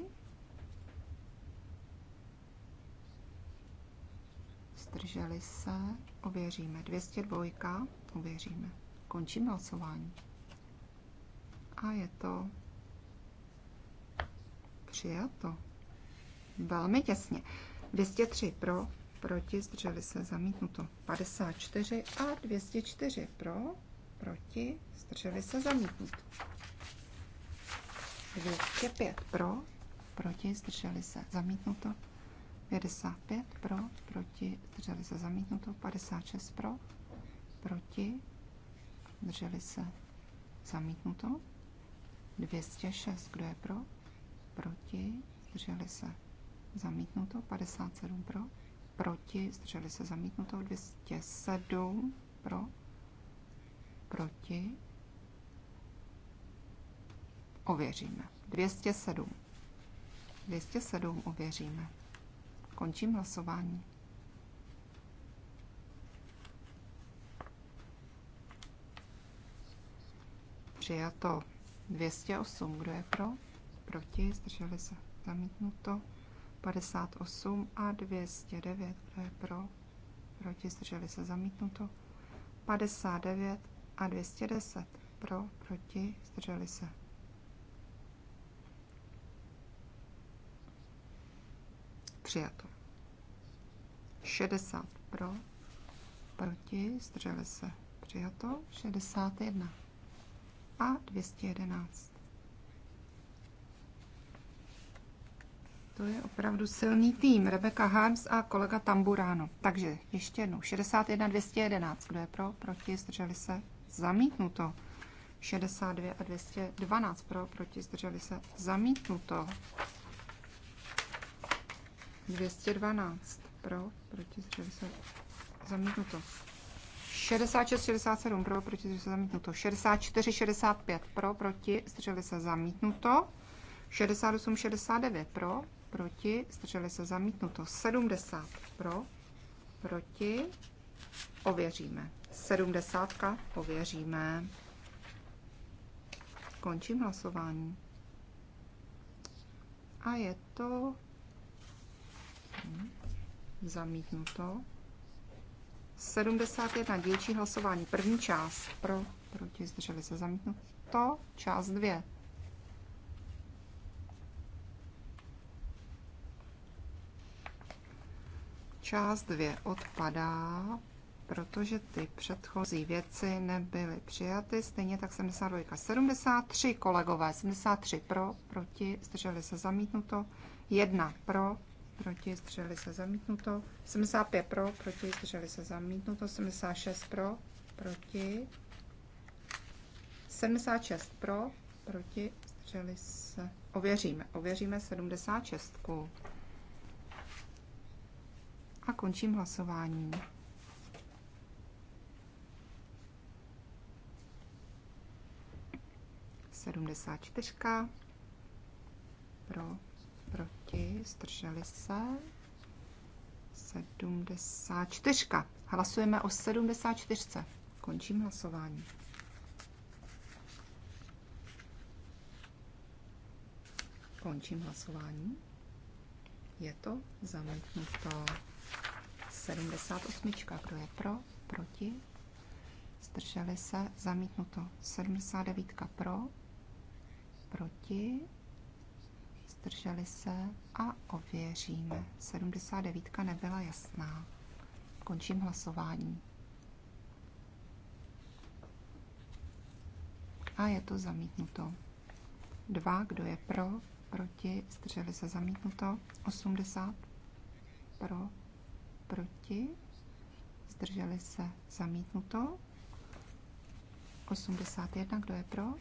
zdrželi se, ověříme. 202, ověříme. Končím hlasování. A je to přijato. Velmi těsně. 203 pro, proti, zdrželi se, zamítnuto. 54 a 204 pro, proti, zdrželi se, zamítnuto. 205 pro, proti, zdrželi se, zamítnuto. 55 pro, proti, zdrželi se, zamítnuto. 56 pro, proti, Drželi se. Zamítnuto. 206. Kdo je pro? Proti. Zdrželi se. Zamítnuto. 57 pro. Proti. Zdrželi se. Zamítnuto. 207 pro. Proti. Ověříme. 207. 207 ověříme. Končím hlasování. Přijato 208. Kdo je pro? Proti? Zdrželi se? Zamítnuto. 58 a 209. Kdo je pro? Proti? Zdrželi se? Zamítnuto. 59 a 210. Pro? Proti? Zdrželi se? Přijato. 60 pro, proti, zdrželi se. Přijato. 61 a 211. To je opravdu silný tým. Rebecca Harms a kolega Tamburáno. Takže ještě jednou. 61, 211. Kdo je pro? Proti? Zdrželi se? Zamítnuto. 62 a 212 pro, proti zdrželi se zamítnuto. 212 pro, proti zdrželi se zamítnuto. 66, 67 pro, proti, zdrželi se zamítnuto. 64, 65 pro, proti, zdrželi se zamítnuto. 68, 69 pro, proti, zdrželi se zamítnuto. 70 pro, proti, ověříme. 70 ověříme. Končím hlasování. A je to hm, zamítnuto. 71 dílčí hlasování. První část pro, proti, zdrželi se To, Část dvě. Část dvě odpadá, protože ty předchozí věci nebyly přijaty. Stejně tak 72. 73 kolegové, 73 pro, proti, zdrželi se zamítnuto. 1 pro, proti, zdrželi se zamítnuto. 75 pro, proti, zdrželi se zamítnuto. 76 pro, proti. 76 pro, proti, zdrželi se. Ověříme, ověříme 76. A končím hlasování. Sedmdesát čtyřka pro proti, zdrželi se. 74. Hlasujeme o 74. Končím hlasování. Končím hlasování. Je to zamítnuto 78. Kdo je pro? Proti? Zdrželi se? Zamítnuto 79. Pro? Proti? zdrželi se a ověříme. 79 nebyla jasná. Končím hlasování. A je to zamítnuto. 2, kdo je pro, proti, zdrželi se zamítnuto. 80 pro, proti, zdrželi se zamítnuto. 81, kdo je pro,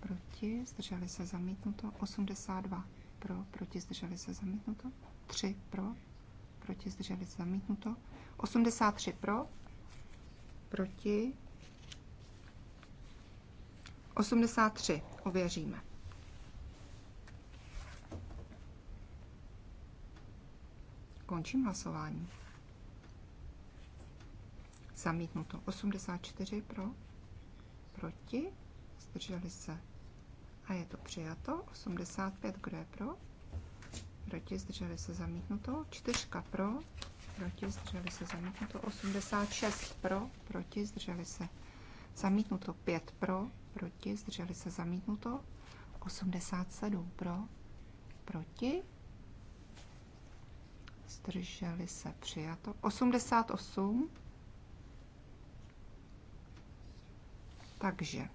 proti, zdrželi se zamítnuto. 82 pro, proti zdrželi se zamítnuto. 3 pro, proti zdrželi se zamítnuto. 83 pro, proti 83 ověříme. Končím hlasování. Zamítnuto 84 pro, proti, zdrželi se a je to přijato. 85, kdo je pro? Proti, zdrželi se zamítnuto. 4 pro, proti, zdrželi se zamítnuto. 86 pro, proti, zdrželi se zamítnuto. 5 pro, proti, zdrželi se zamítnuto. 87 pro, proti, zdrželi se přijato. 88 takže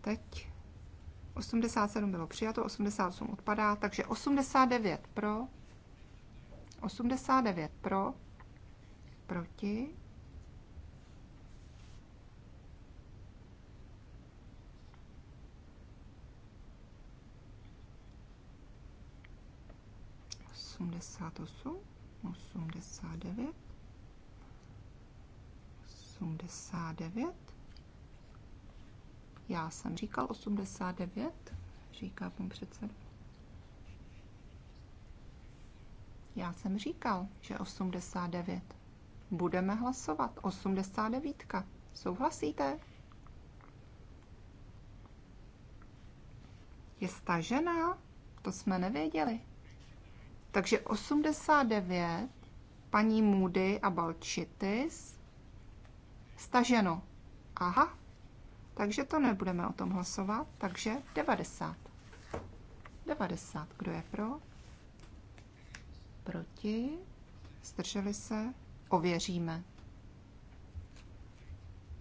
teď 87 bylo přijato, 88 odpadá, takže 89 pro, 89 pro, proti, osmdesát osm, osmdesát devět, osmdesát devět, já jsem říkal 89, říká pan předseda. Já jsem říkal, že 89. Budeme hlasovat. 89. Souhlasíte? Je stažená? To jsme nevěděli. Takže 89, paní Moody a Balčitis, staženo. Aha, takže to nebudeme o tom hlasovat. Takže 90. 90. Kdo je pro? Proti? Zdrželi se? Ověříme.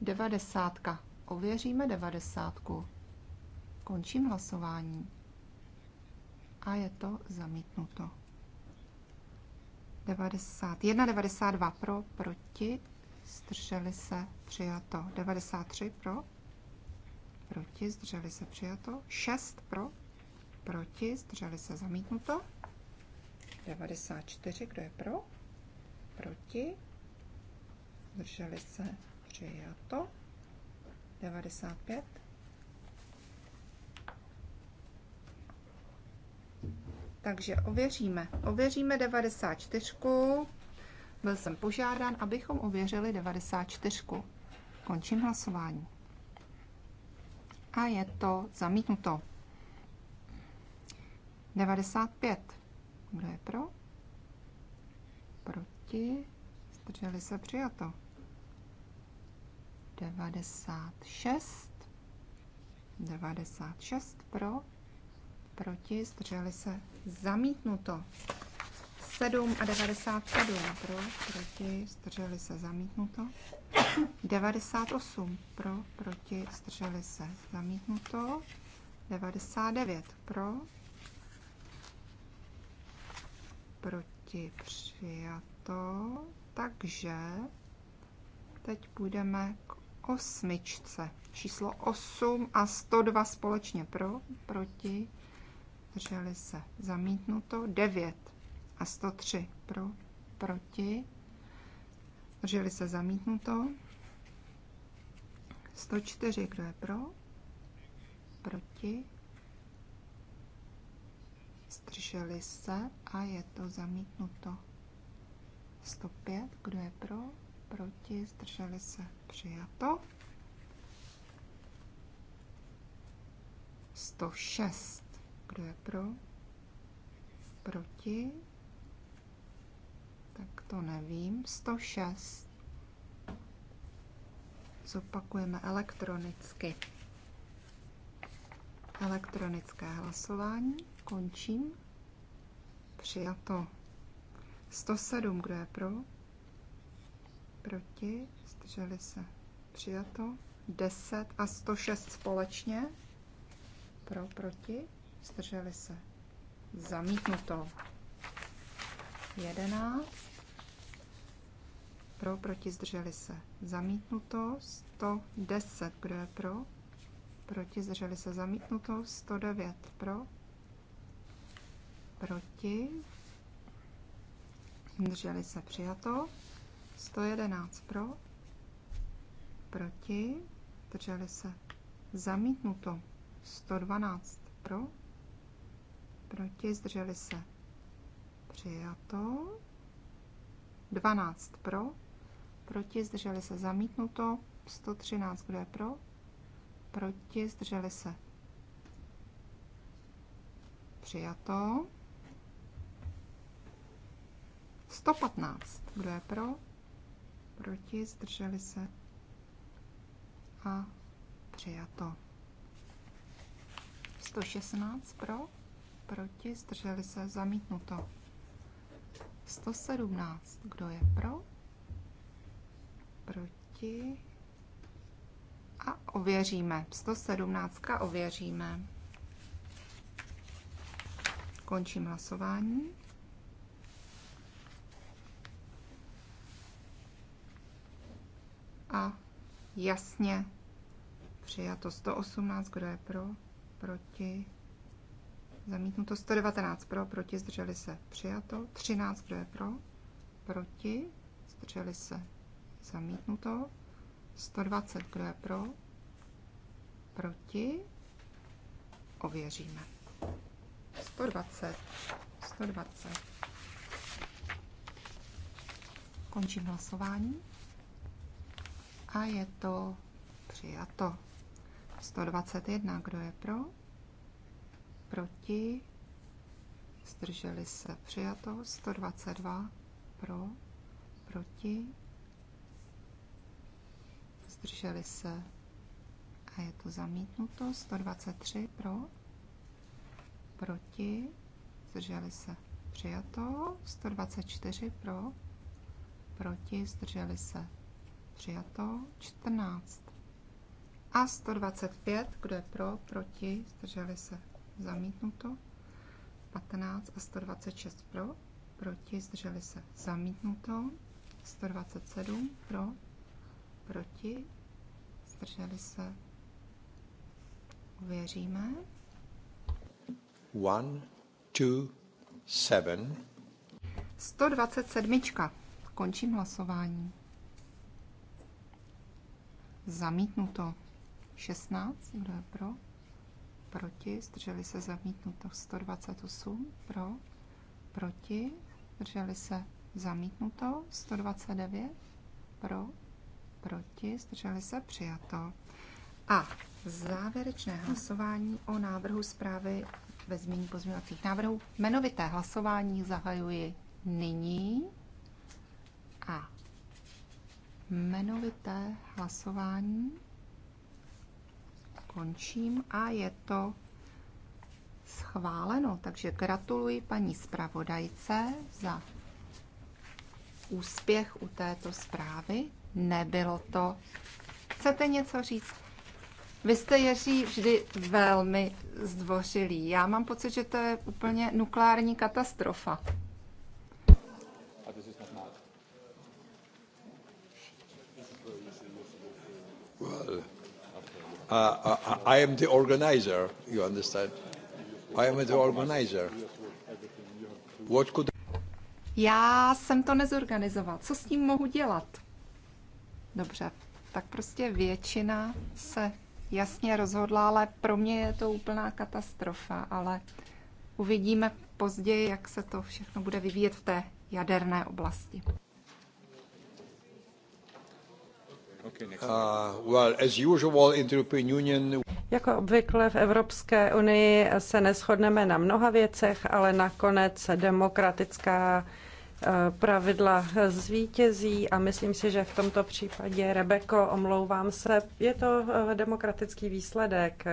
90. Ověříme 90. Končím hlasování. A je to zamítnuto. 91, 92 pro, proti, strželi se, přijato. 93 pro, proti, zdrželi se přijato, 6 pro, proti, zdrželi se zamítnuto, 94, kdo je pro, proti, zdrželi se přijato, 95, Takže ověříme. Ověříme 94. Byl jsem požádán, abychom ověřili 94. Končím hlasování a je to zamítnuto. 95. Kdo je pro? Proti? Zdrželi se přijato. 96. 96 pro, proti, zdrželi se zamítnuto. 7 a 97 pro, proti, zdrželi se, zamítnuto. 98 pro, proti, zdrželi se, zamítnuto. 99 pro, proti, přijato. Takže teď půjdeme k osmičce. Číslo 8 a 102 společně pro, proti, zdrželi se, zamítnuto. 9 a 103 pro, proti, Drželi se zamítnuto, 104, kdo je pro, proti, zdrželi se a je to zamítnuto. 105, kdo je pro, proti, zdrželi se, přijato. 106, kdo je pro, proti, tak to nevím. 106. Zopakujeme elektronicky. Elektronické hlasování. Končím. Přijato. 107. Kdo je pro? Proti? Zdrželi se. Přijato. 10 a 106 společně. Pro, proti? Zdrželi se. Zamítnuto. 11 pro, proti, zdrželi se. Zamítnuto 110, kdo je pro, proti, zdrželi se. Zamítnuto 109 pro, proti, zdrželi se. Přijato 111 pro, proti, zdrželi se. Zamítnuto 112 pro, proti, zdrželi se. Přijato. 12 pro, proti, zdrželi se zamítnuto, 113, kdo je pro, proti, zdrželi se přijato, 115, kdo je pro, proti, zdrželi se a přijato. 116 pro, proti, zdrželi se, zamítnuto. 117, kdo je pro, proti. A ověříme. 117 ověříme. Končím hlasování. A jasně přijato 118, kdo je pro, proti, zamítnuto 119 pro, proti, zdrželi se, přijato 13, kdo je pro, proti, zdrželi se, Zamítnuto. 120, kdo je pro? Proti? Ověříme. 120. 120. Končím hlasování. A je to přijato. 121, kdo je pro? Proti? Zdrželi se přijato. 122 pro? Proti? zdrželi se a je to zamítnuto. 123 pro, proti, zdrželi se přijato. 124 pro, proti, zdrželi se přijato. 14 a 125, kdo je pro, proti, zdrželi se zamítnuto. 15 a 126 pro, proti, zdrželi se zamítnuto. 127 pro, proti, zdrželi se, uvěříme. One, two, seven. 127. Končím hlasování. Zamítnuto 16. Kdo je pro? Proti. Zdrželi se zamítnuto 128. Pro. Proti. Zdrželi se zamítnuto 129. Pro proti, zdrželi se, přijato. A závěrečné hlasování o návrhu zprávy ve změní pozměňovacích návrhů. Jmenovité hlasování zahajuji nyní a jmenovité hlasování končím a je to schváleno. Takže gratuluji paní zpravodajce za úspěch u této zprávy Nebylo to. Chcete něco říct? Vy jste, Jeří, vždy velmi zdvořilý. Já mám pocit, že to je úplně nukleární katastrofa. Well, uh, uh, uh, I am the organizer, you understand? I am the organizer. What could... Já jsem to nezorganizoval. Co s tím mohu dělat? Dobře, tak prostě většina se jasně rozhodla, ale pro mě je to úplná katastrofa, ale uvidíme později, jak se to všechno bude vyvíjet v té jaderné oblasti. Uh, well, as usual, in the European Union... Jako obvykle v Evropské unii se neschodneme na mnoha věcech, ale nakonec demokratická pravidla zvítězí a myslím si, že v tomto případě, Rebeko, omlouvám se, je to eh, demokratický výsledek.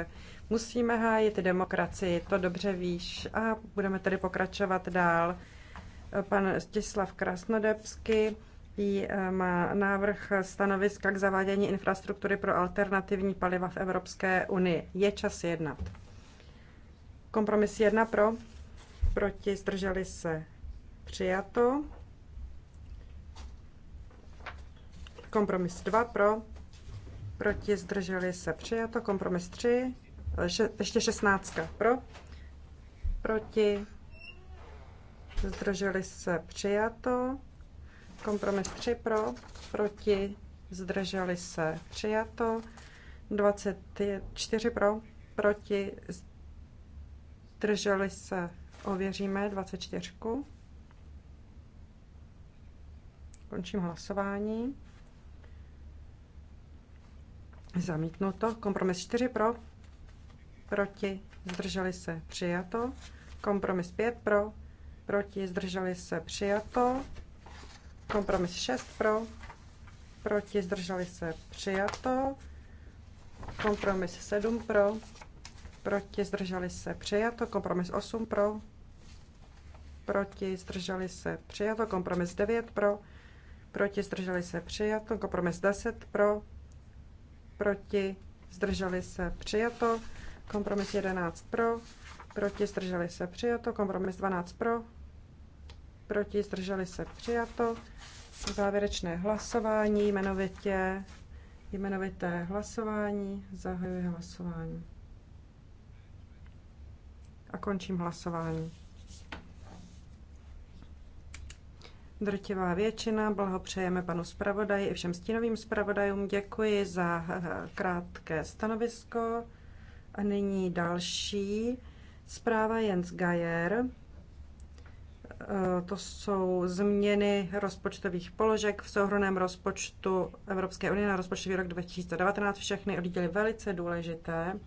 Musíme hájit demokracii, to dobře víš a budeme tedy pokračovat dál. Pan Stislav Krasnodebsky eh, má návrh stanoviska k zavádění infrastruktury pro alternativní paliva v Evropské unii. Je čas jednat. Kompromis jedna pro, proti, zdrželi se Přijato. Kompromis 2 pro. Proti zdrželi se. Přijato. Kompromis 3. ještě 16 pro. Proti zdrželi se. Přijato. Kompromis 3 pro. Proti zdrželi se. Přijato. 24 pro. Proti zdrželi se. Ověříme 24. Končím hlasování. Zamítnuto. Kompromis 4 pro, proti, zdrželi se, přijato. Kompromis 5 pro, proti, zdrželi se, přijato. Kompromis 6 pro, proti, zdrželi se, přijato. Kompromis 7 pro, proti, zdrželi se, přijato. Kompromis 8 pro, proti, zdrželi se, přijato. Kompromis 9 pro, proti, zdrželi se přijato. Kompromis 10 pro, proti, zdrželi se přijato. Kompromis 11 pro, proti, zdrželi se přijato. Kompromis 12 pro, proti, zdrželi se přijato. Závěrečné hlasování, jmenovitě, jmenovité hlasování, zahajuji hlasování. A končím hlasování. Drtivá většina. Blahopřejeme panu zpravodaji i všem stínovým zpravodajům. Děkuji za eh, krátké stanovisko. A nyní další zpráva Jens Gajer. Eh, to jsou změny rozpočtových položek v souhrném rozpočtu Evropské unie na rozpočtový rok 2019. Všechny odděly velice důležité.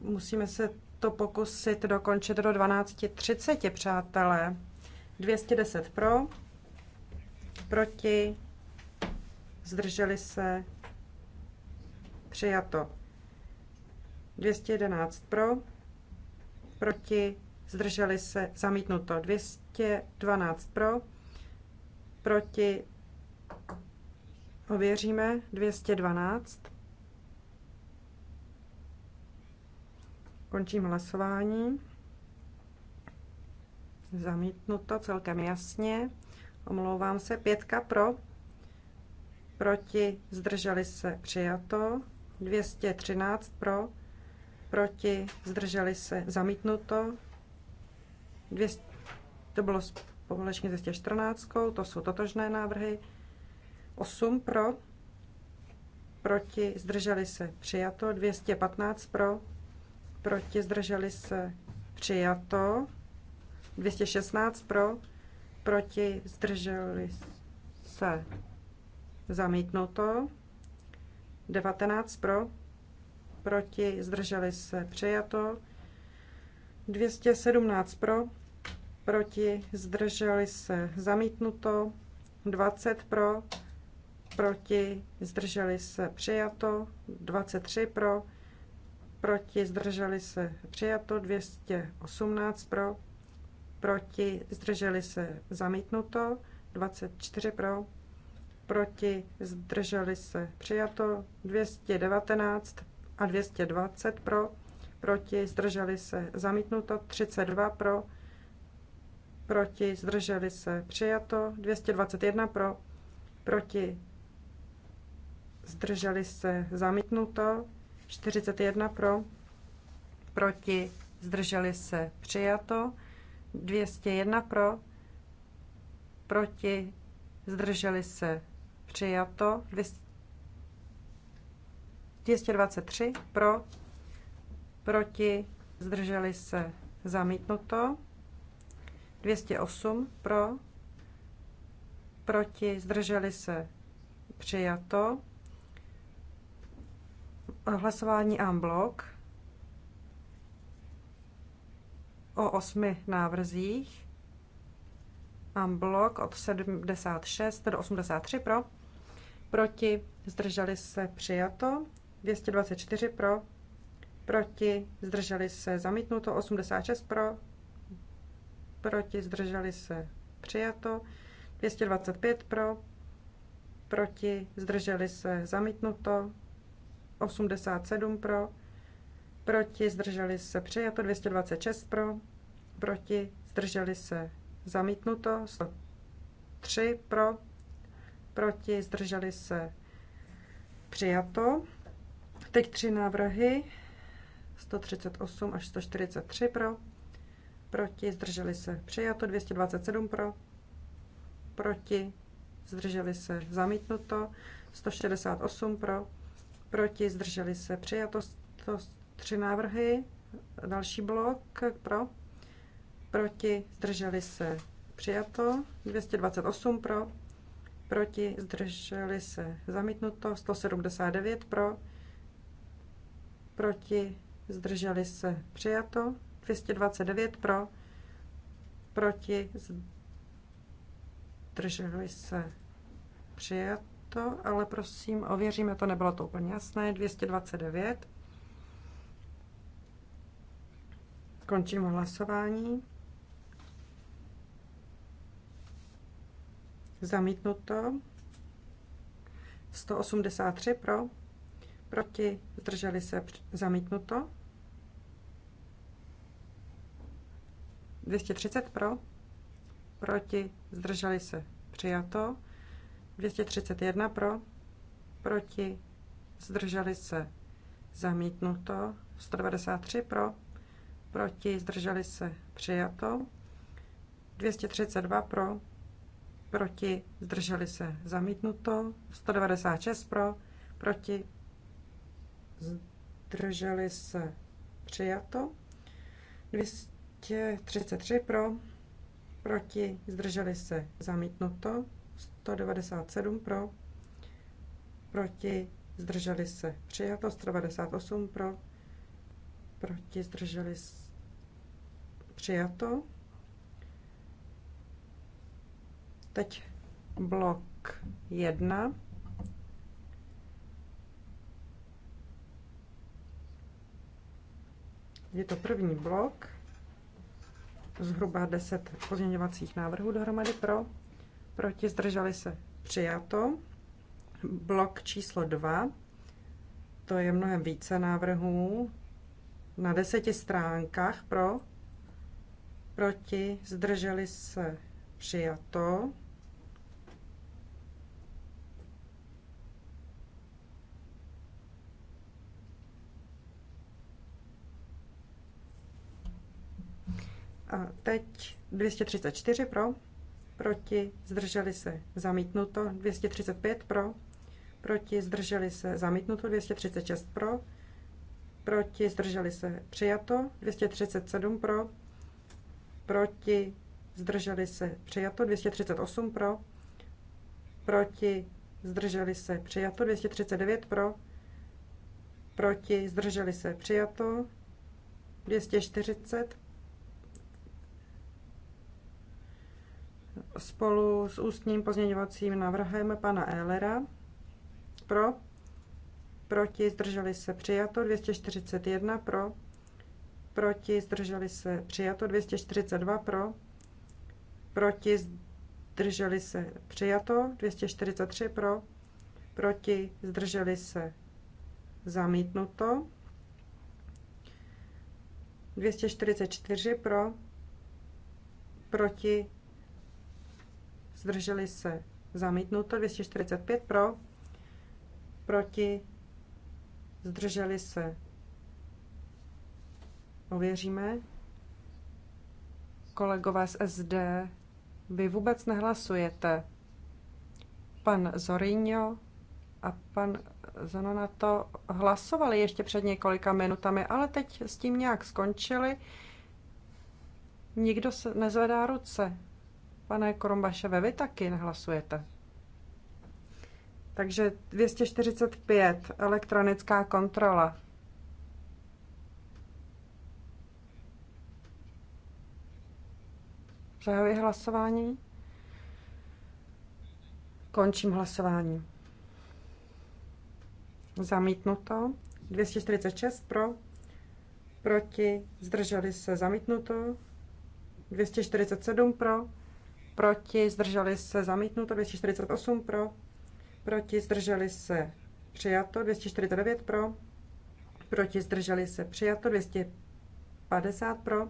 Musíme se to pokusit dokončit do 12.30, přátelé. 210 pro, proti, zdrželi se, přijato. 211 pro, proti, zdrželi se, zamítnuto. 212 pro, proti, ověříme, 212. Končím hlasování. Zamítnuto celkem jasně. Omlouvám se. Pětka pro. Proti zdrželi se přijato. 213 pro. Proti zdrželi se zamítnuto. 200, to bylo společně s 214. To jsou totožné návrhy. 8 pro. Proti zdrželi se přijato. 215 pro. Proti zdrželi se přijato. 216 pro, proti, zdrželi se zamítnuto, 19 pro, proti, zdrželi se přijato, 217 pro, proti, zdrželi se zamítnuto, 20 pro, proti, zdrželi se přijato, 23 pro, proti, zdrželi se přijato, 218 pro, proti, zdrželi se zamítnuto, 24 pro, proti, zdrželi se přijato, 219 a 220 pro, proti, zdrželi se zamítnuto, 32 pro, proti, zdrželi se přijato, 221 pro, proti, zdrželi se zamítnuto, 41 pro, proti, zdrželi se přijato, 201 pro, proti, zdrželi se, přijato. 223 pro, proti, zdrželi se, zamítnuto. 208 pro, proti, zdrželi se, přijato. Hlasování en bloc. o osmi návrzích. Mám blok od 76 do 83 pro. Proti zdrželi se přijato. 224 pro. Proti zdrželi se zamítnuto. 86 pro. Proti zdrželi se přijato. 225 pro. Proti zdrželi se zamítnuto. 87 pro proti, zdrželi se přijato 226 pro, proti, zdrželi se zamítnuto 103 pro, proti, zdrželi se přijato. Teď tři návrhy 138 až 143 pro, proti, zdrželi se přijato 227 pro, proti, zdrželi se zamítnuto 168 pro, proti, zdrželi se přijato 100 Tři návrhy, další blok pro, proti, zdrželi se, přijato, 228 pro, proti, zdrželi se, zamítnuto, 179 pro, proti, zdrželi se, přijato, 229 pro, proti, zdrželi se, přijato, ale prosím, ověříme, to nebylo to úplně jasné, 229. Končím hlasování. Zamítnuto. 183 pro, proti, zdrželi se, zamítnuto. 230 pro, proti, zdrželi se, přijato. 231 pro, proti, zdrželi se, zamítnuto. 193 pro, proti, zdrželi se, přijato. 232 pro, proti, zdrželi se, zamítnuto. 196 pro, proti, zdrželi se, přijato. 233 pro, proti, zdrželi se, zamítnuto. 197 pro, proti, zdrželi se, přijato. 198 pro, proti, zdrželi se Přijato. Teď blok 1. Je to první blok, zhruba 10 pozměňovacích návrhů dohromady pro, proti zdrželi se přijato. Blok číslo 2, to je mnohem více návrhů, na deseti stránkách pro, proti, zdrželi se, přijato. A teď 234 pro, proti, zdrželi se, zamítnuto, 235 pro, proti, zdrželi se, zamítnuto, 236 pro, proti, zdrželi se, přijato, 237 pro, proti, zdrželi se, přijato 238 pro, proti, zdrželi se, přijato 239 pro, proti, zdrželi se, přijato 240 spolu s ústním pozměňovacím návrhem pana Ehlera pro, proti, zdrželi se, přijato 241 pro, proti, zdrželi se přijato 242 pro, proti, zdrželi se přijato 243 pro, proti, zdrželi se zamítnuto 244 pro, proti, zdrželi se zamítnuto 245 pro, proti, zdrželi se Ověříme. Kolegové z SD, vy vůbec nehlasujete. Pan Zorinho a pan Zanonato hlasovali ještě před několika minutami, ale teď s tím nějak skončili. Nikdo se nezvedá ruce. Pane Korombaševe, vy taky nehlasujete. Takže 245, elektronická kontrola. Zahajuji hlasování. Končím hlasování. Zamítnuto. 246 pro, proti, zdrželi se zamítnuto. 247 pro, proti, zdrželi se zamítnuto. 248 pro, proti, zdrželi se přijato. 249 pro, proti, zdrželi se přijato. 250 pro,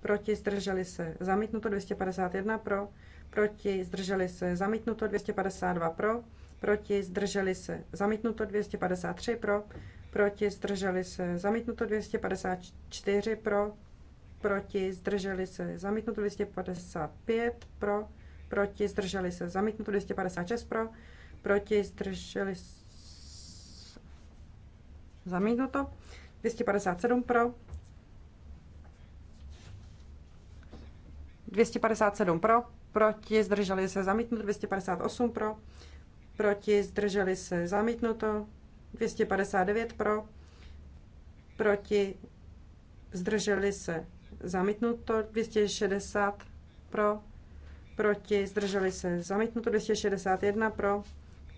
proti, zdrželi se, zamítnuto 251 pro, proti, zdrželi se, zamítnuto 252 pro, proti, zdrželi se, zamítnuto 253 pro, proti, zdrželi se, zamítnuto 254 pro, proti, zdrželi se, zamítnuto 255 pro, proti, zdrželi se, zamítnuto 256 pro, proti, zdrželi se, zamítnuto 257 pro, 257 pro, proti, zdrželi se zamítnuto, 258 pro, proti, zdrželi se zamítnuto, 259 pro, proti, zdrželi se zamítnuto, 260 pro, proti, zdrželi se zamítnuto, 261 pro,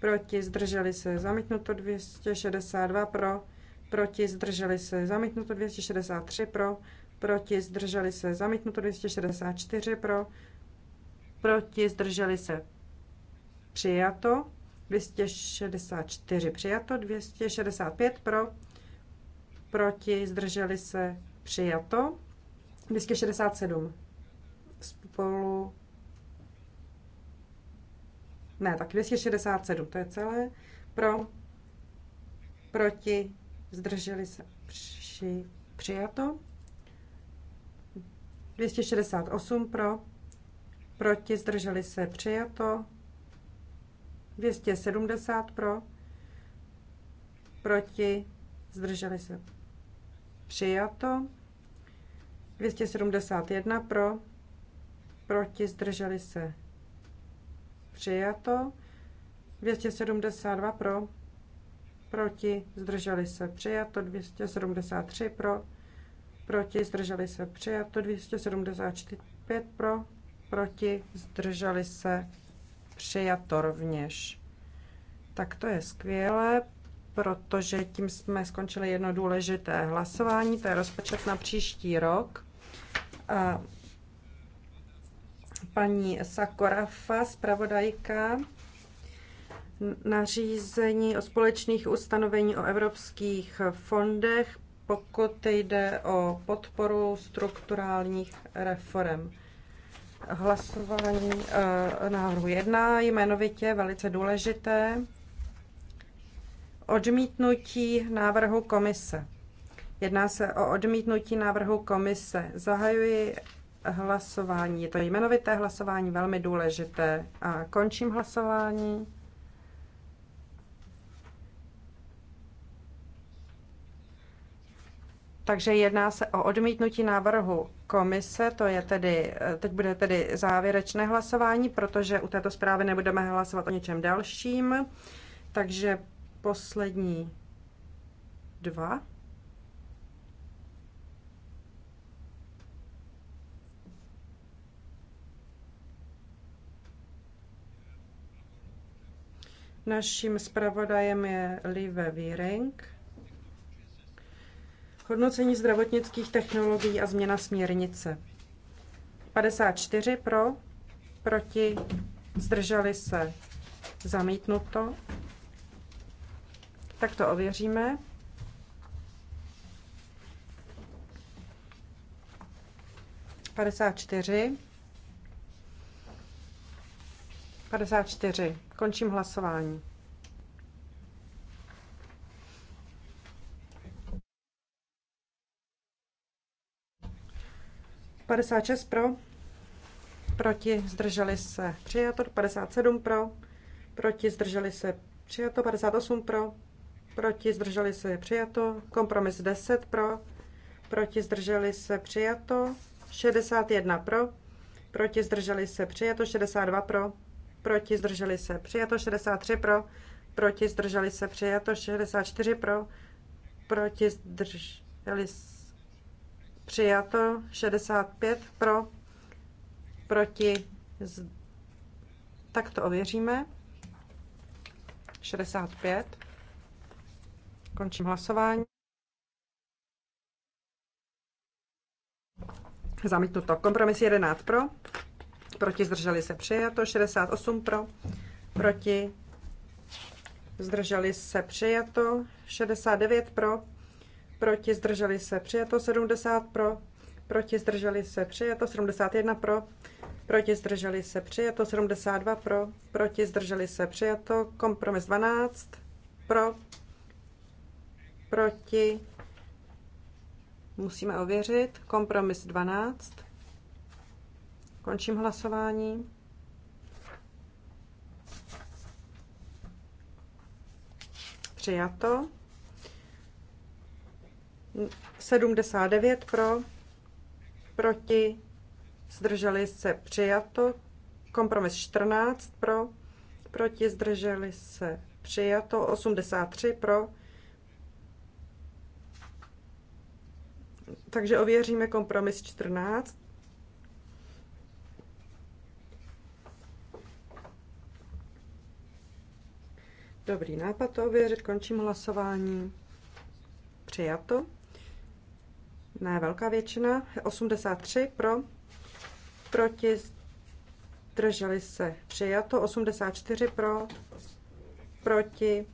proti, zdrželi se zamítnuto, 262 pro, proti, zdrželi se zamítnuto, 263 pro, proti, zdrželi se, zamítnuto 264 pro, proti, zdrželi se, přijato, 264 přijato, 265 pro, proti, zdrželi se, přijato, 267 spolu, ne, tak 267, to je celé, pro, proti, zdrželi se, při, přijato, 268 pro, proti, zdrželi se, přijato. 270 pro, proti, zdrželi se, přijato. 271 pro, proti, zdrželi se, přijato. 272 pro, proti, zdrželi se, přijato. 273 pro, proti, zdrželi se přijato, 275 pro, proti, zdrželi se přijato rovněž. Tak to je skvělé, protože tím jsme skončili jedno důležité hlasování, to je rozpočet na příští rok. A paní Sakorafa, zpravodajka, nařízení o společných ustanovení o evropských fondech pokud jde o podporu strukturálních reform. Hlasování eh, návrhu 1 jmenovitě velice důležité. Odmítnutí návrhu komise. Jedná se o odmítnutí návrhu komise. Zahajuji hlasování. Je to jmenovité hlasování velmi důležité. A končím hlasování. Takže jedná se o odmítnutí návrhu komise, to je tedy, teď bude tedy závěrečné hlasování, protože u této zprávy nebudeme hlasovat o něčem dalším. Takže poslední dva. Naším zpravodajem je Live Viering. Hodnocení zdravotnických technologií a změna směrnice. 54 pro, proti, zdrželi se, zamítnuto. Tak to ověříme. Padesát čtyři. 54. Končím hlasování. 56 pro, proti, zdrželi se, přijato. 57 pro, proti, zdrželi se, přijato. 58 pro, proti, zdrželi se, přijato. Kompromis 10 pro, proti, zdrželi se, přijato. 61 pro, proti, zdrželi se, přijato. 62 pro, proti, zdrželi se, přijato. 63 pro, proti, zdrželi se, přijato. 64 pro, proti, zdrželi se, Přijato 65 pro, proti, tak to ověříme. 65. Končím hlasování. Zamítnuto. Kompromis 11 pro, proti zdrželi se přijato, 68 pro, proti zdrželi se přijato, 69 pro, proti, zdrželi se, přijato 70 pro, proti, zdrželi se, přijato 71 pro, proti, zdrželi se, přijato 72 pro, proti, zdrželi se, přijato kompromis 12 pro, proti, musíme ověřit, kompromis 12. Končím hlasování. Přijato. 79 pro, proti, zdrželi se přijato. Kompromis 14 pro, proti, zdrželi se přijato. 83 pro. Takže ověříme kompromis 14. Dobrý nápad to ověřit, končím hlasování. Přijato ne velká většina, 83 pro, proti, drželi se přijato, 84 pro, proti,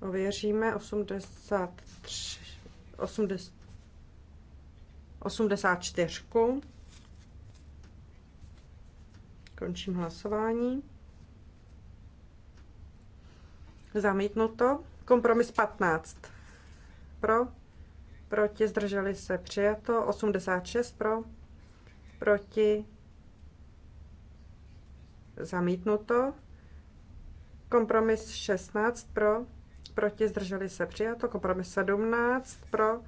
ověříme, 83, 80, 84. Končím hlasování. Zamítnuto. Kompromis 15. Pro proti, zdrželi se přijato, 86 pro, proti, zamítnuto, kompromis 16 pro, proti, zdrželi se přijato, kompromis 17 pro,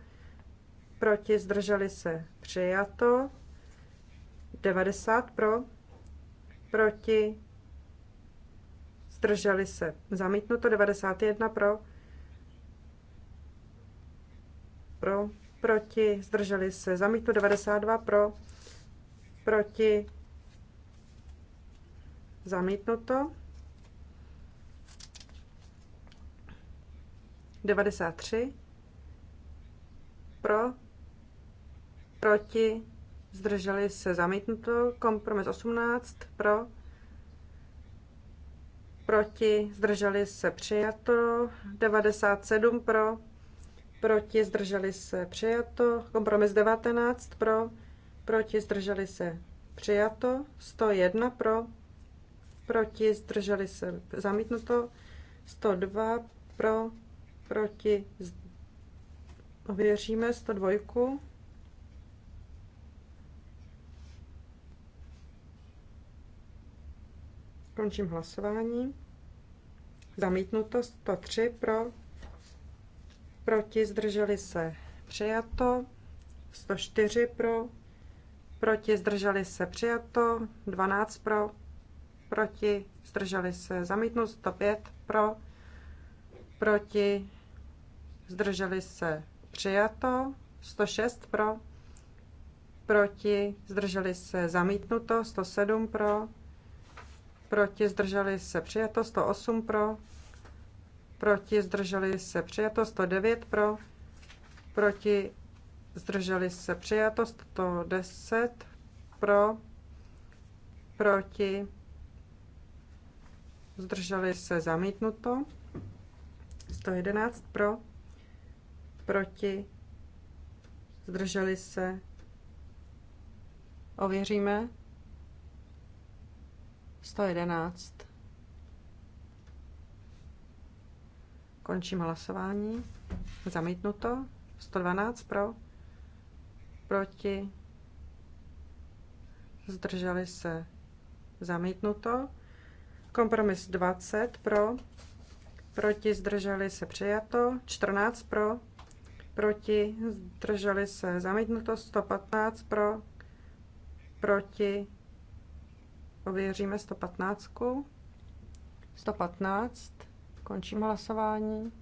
proti, zdrželi se přijato, 90 pro, proti, zdrželi se zamítnuto, 91 pro, pro, proti, zdrželi se, zamítnu 92 pro, proti, zamítnuto. 93 pro, proti, zdrželi se zamítnuto, kompromis 18 pro, proti, zdrželi se přijato, 97 pro, proti, zdrželi se, přijato. Kompromis 19 pro, proti, zdrželi se, přijato. 101 pro, proti, zdrželi se, zamítnuto. 102 pro, proti, ověříme 102. Končím hlasování. Zamítnuto 103 pro, proti, zdrželi se, přijato. 104 pro, proti, zdrželi se, přijato. 12 pro, proti, zdrželi se, zamítnout, 105 pro, proti, zdrželi se, přijato. 106 pro, proti, zdrželi se, zamítnuto. 107 pro, proti, zdrželi se, přijato. 108 pro, proti, zdrželi se přijato 109 pro, proti, zdrželi se přijato 110 pro, proti, zdrželi se zamítnuto 111 pro, proti, zdrželi se, ověříme 111. Končím hlasování. Zamítnuto. 112 pro. Proti. Zdrželi se. Zamítnuto. Kompromis 20 pro. Proti zdrželi se přijato. 14 pro. Proti zdrželi se zamítnuto. 115 pro. Proti. Ověříme 115. 115. Končím hlasování.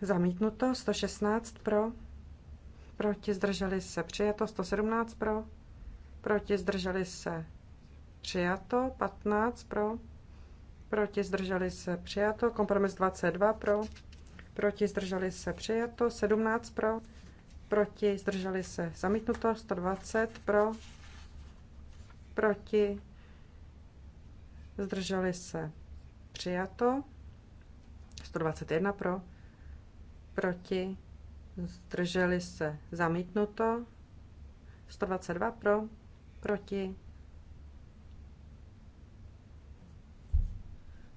Zamítnuto 116 pro, proti zdrželi se přijato 117 pro, proti zdrželi se přijato 15 pro, proti zdrželi se přijato kompromis 22 pro, proti zdrželi se přijato 17 pro, proti zdrželi se zamítnuto 120 pro, proti zdrželi se přijato. 121 pro, proti, zdrželi se zamítnuto. 122 pro, proti.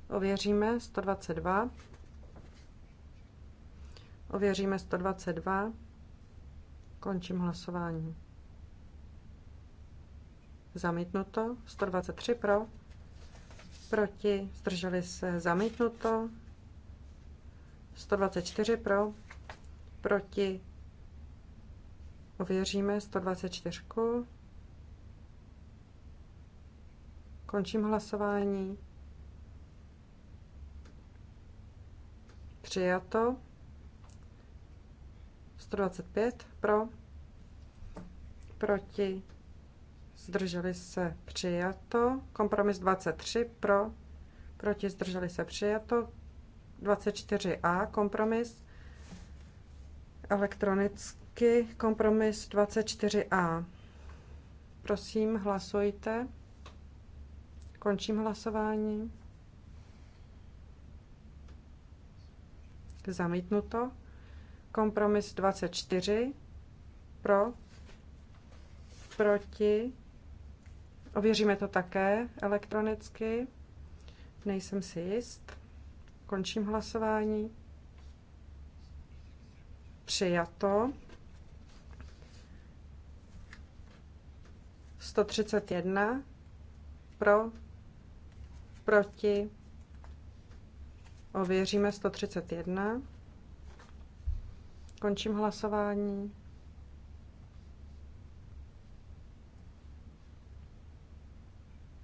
Ověříme 122. Ověříme 122. Končím hlasování. Zamítnuto. 123 pro proti, zdrželi se, zamítnuto. 124 pro, proti, ověříme 124. Končím hlasování. Přijato. 125 pro, proti, zdrželi se přijato. Kompromis 23 pro, proti zdrželi se přijato. 24a kompromis elektronicky kompromis 24a. Prosím, hlasujte. Končím hlasování. Zamítnuto. Kompromis 24 pro, proti, Ověříme to také elektronicky. Nejsem si jist. Končím hlasování. Přijato. 131 pro, proti, ověříme 131. Končím hlasování.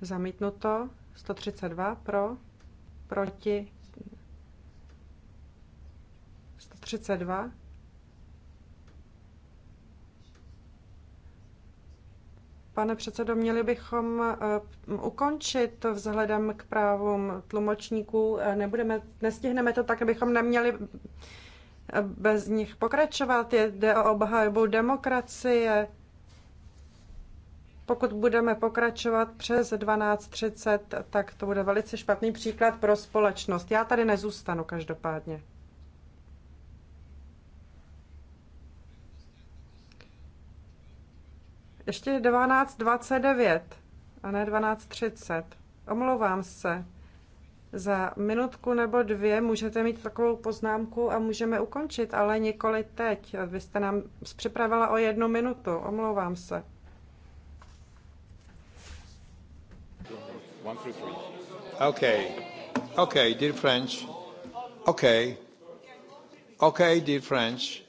Zamítnuto. 132 pro, proti. 132. Pane předsedo, měli bychom eh, ukončit vzhledem k právům tlumočníků. Eh, nebudeme, nestihneme to tak, abychom neměli eh, bez nich pokračovat. Jde o obhajobu demokracie pokud budeme pokračovat přes 12.30, tak to bude velice špatný příklad pro společnost. Já tady nezůstanu každopádně. Ještě 12.29 a ne 12.30. Omlouvám se. Za minutku nebo dvě můžete mít takovou poznámku a můžeme ukončit, ale nikoli teď. Vy jste nám připravila o jednu minutu. Omlouvám se. One through three. Okay. Okay, dear French. Okay. Okay, dear French.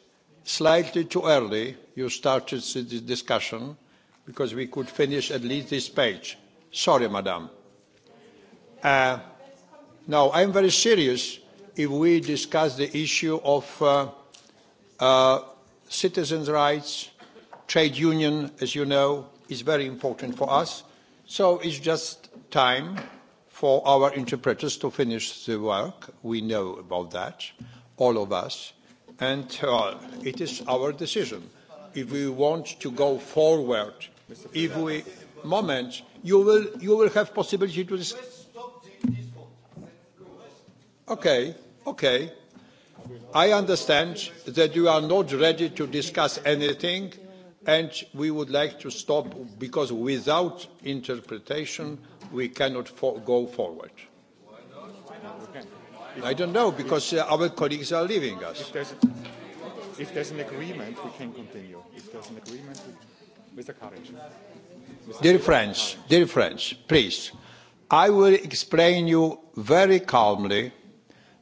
Slightly too early you started this discussion because we could finish at least this page. Sorry, madam. Uh, no, I'm very serious if we discuss the issue of uh, uh, citizens' rights, trade union, as you know, is very important for us. So it's just time for our interpreters to finish the work. We know about that, all of us. And uh, it is our decision. If we want to go forward, if we... Moment, you will, you will have possibility to... Dis- okay, okay. I understand that you are not ready to discuss anything and we would like to stop because without interpretation we cannot for go forward. Why not? I don't know, because uh, our colleagues are leaving us. If there's, a, if there's an agreement, we can continue. If there's an agreement, Mr. Courage. Dear friends, dear friends, please, I will explain you very calmly,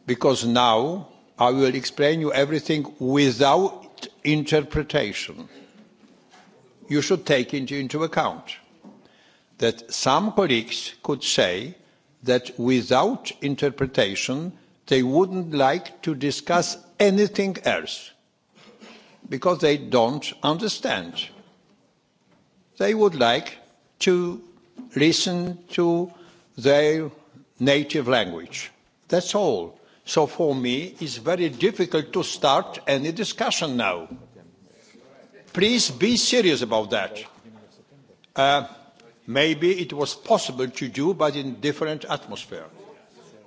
because now I will explain you everything without interpretation. You should take it into account that some colleagues could say that without interpretation they wouldn't like to discuss anything else because they don't understand. They would like to listen to their native language. That's all. So for me, it's very difficult to start any discussion now. Please be serious about that. Uh, Maybe it was possible to do, but in different atmosphere.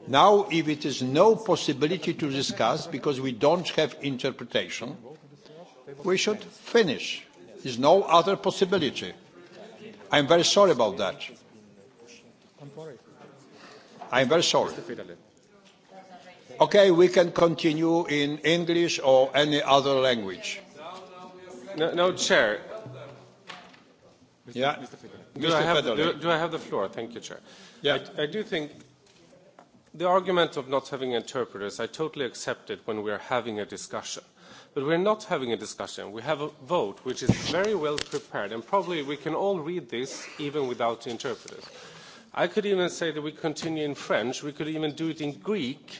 Now, if it is no possibility to discuss because we don't have interpretation, we should finish. There is no other possibility. I am very sorry about that. I am very sorry. Okay, we can continue in English or any other language. No, no chair. Yeah do, I have, do, do I have the floor? Thank you, Chair. Yeah. I, I do think the argument of not having interpreters, I totally accept it when we are having a discussion. But we're not having a discussion. We have a vote which is very well prepared, and probably we can all read this even without interpreters. I could even say that we continue in French. We could even do it in Greek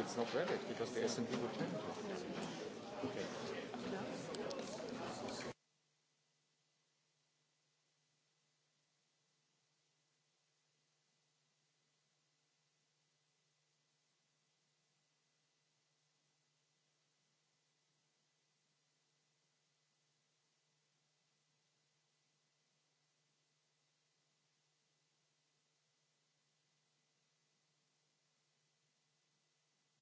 it's not valid because the S&D would change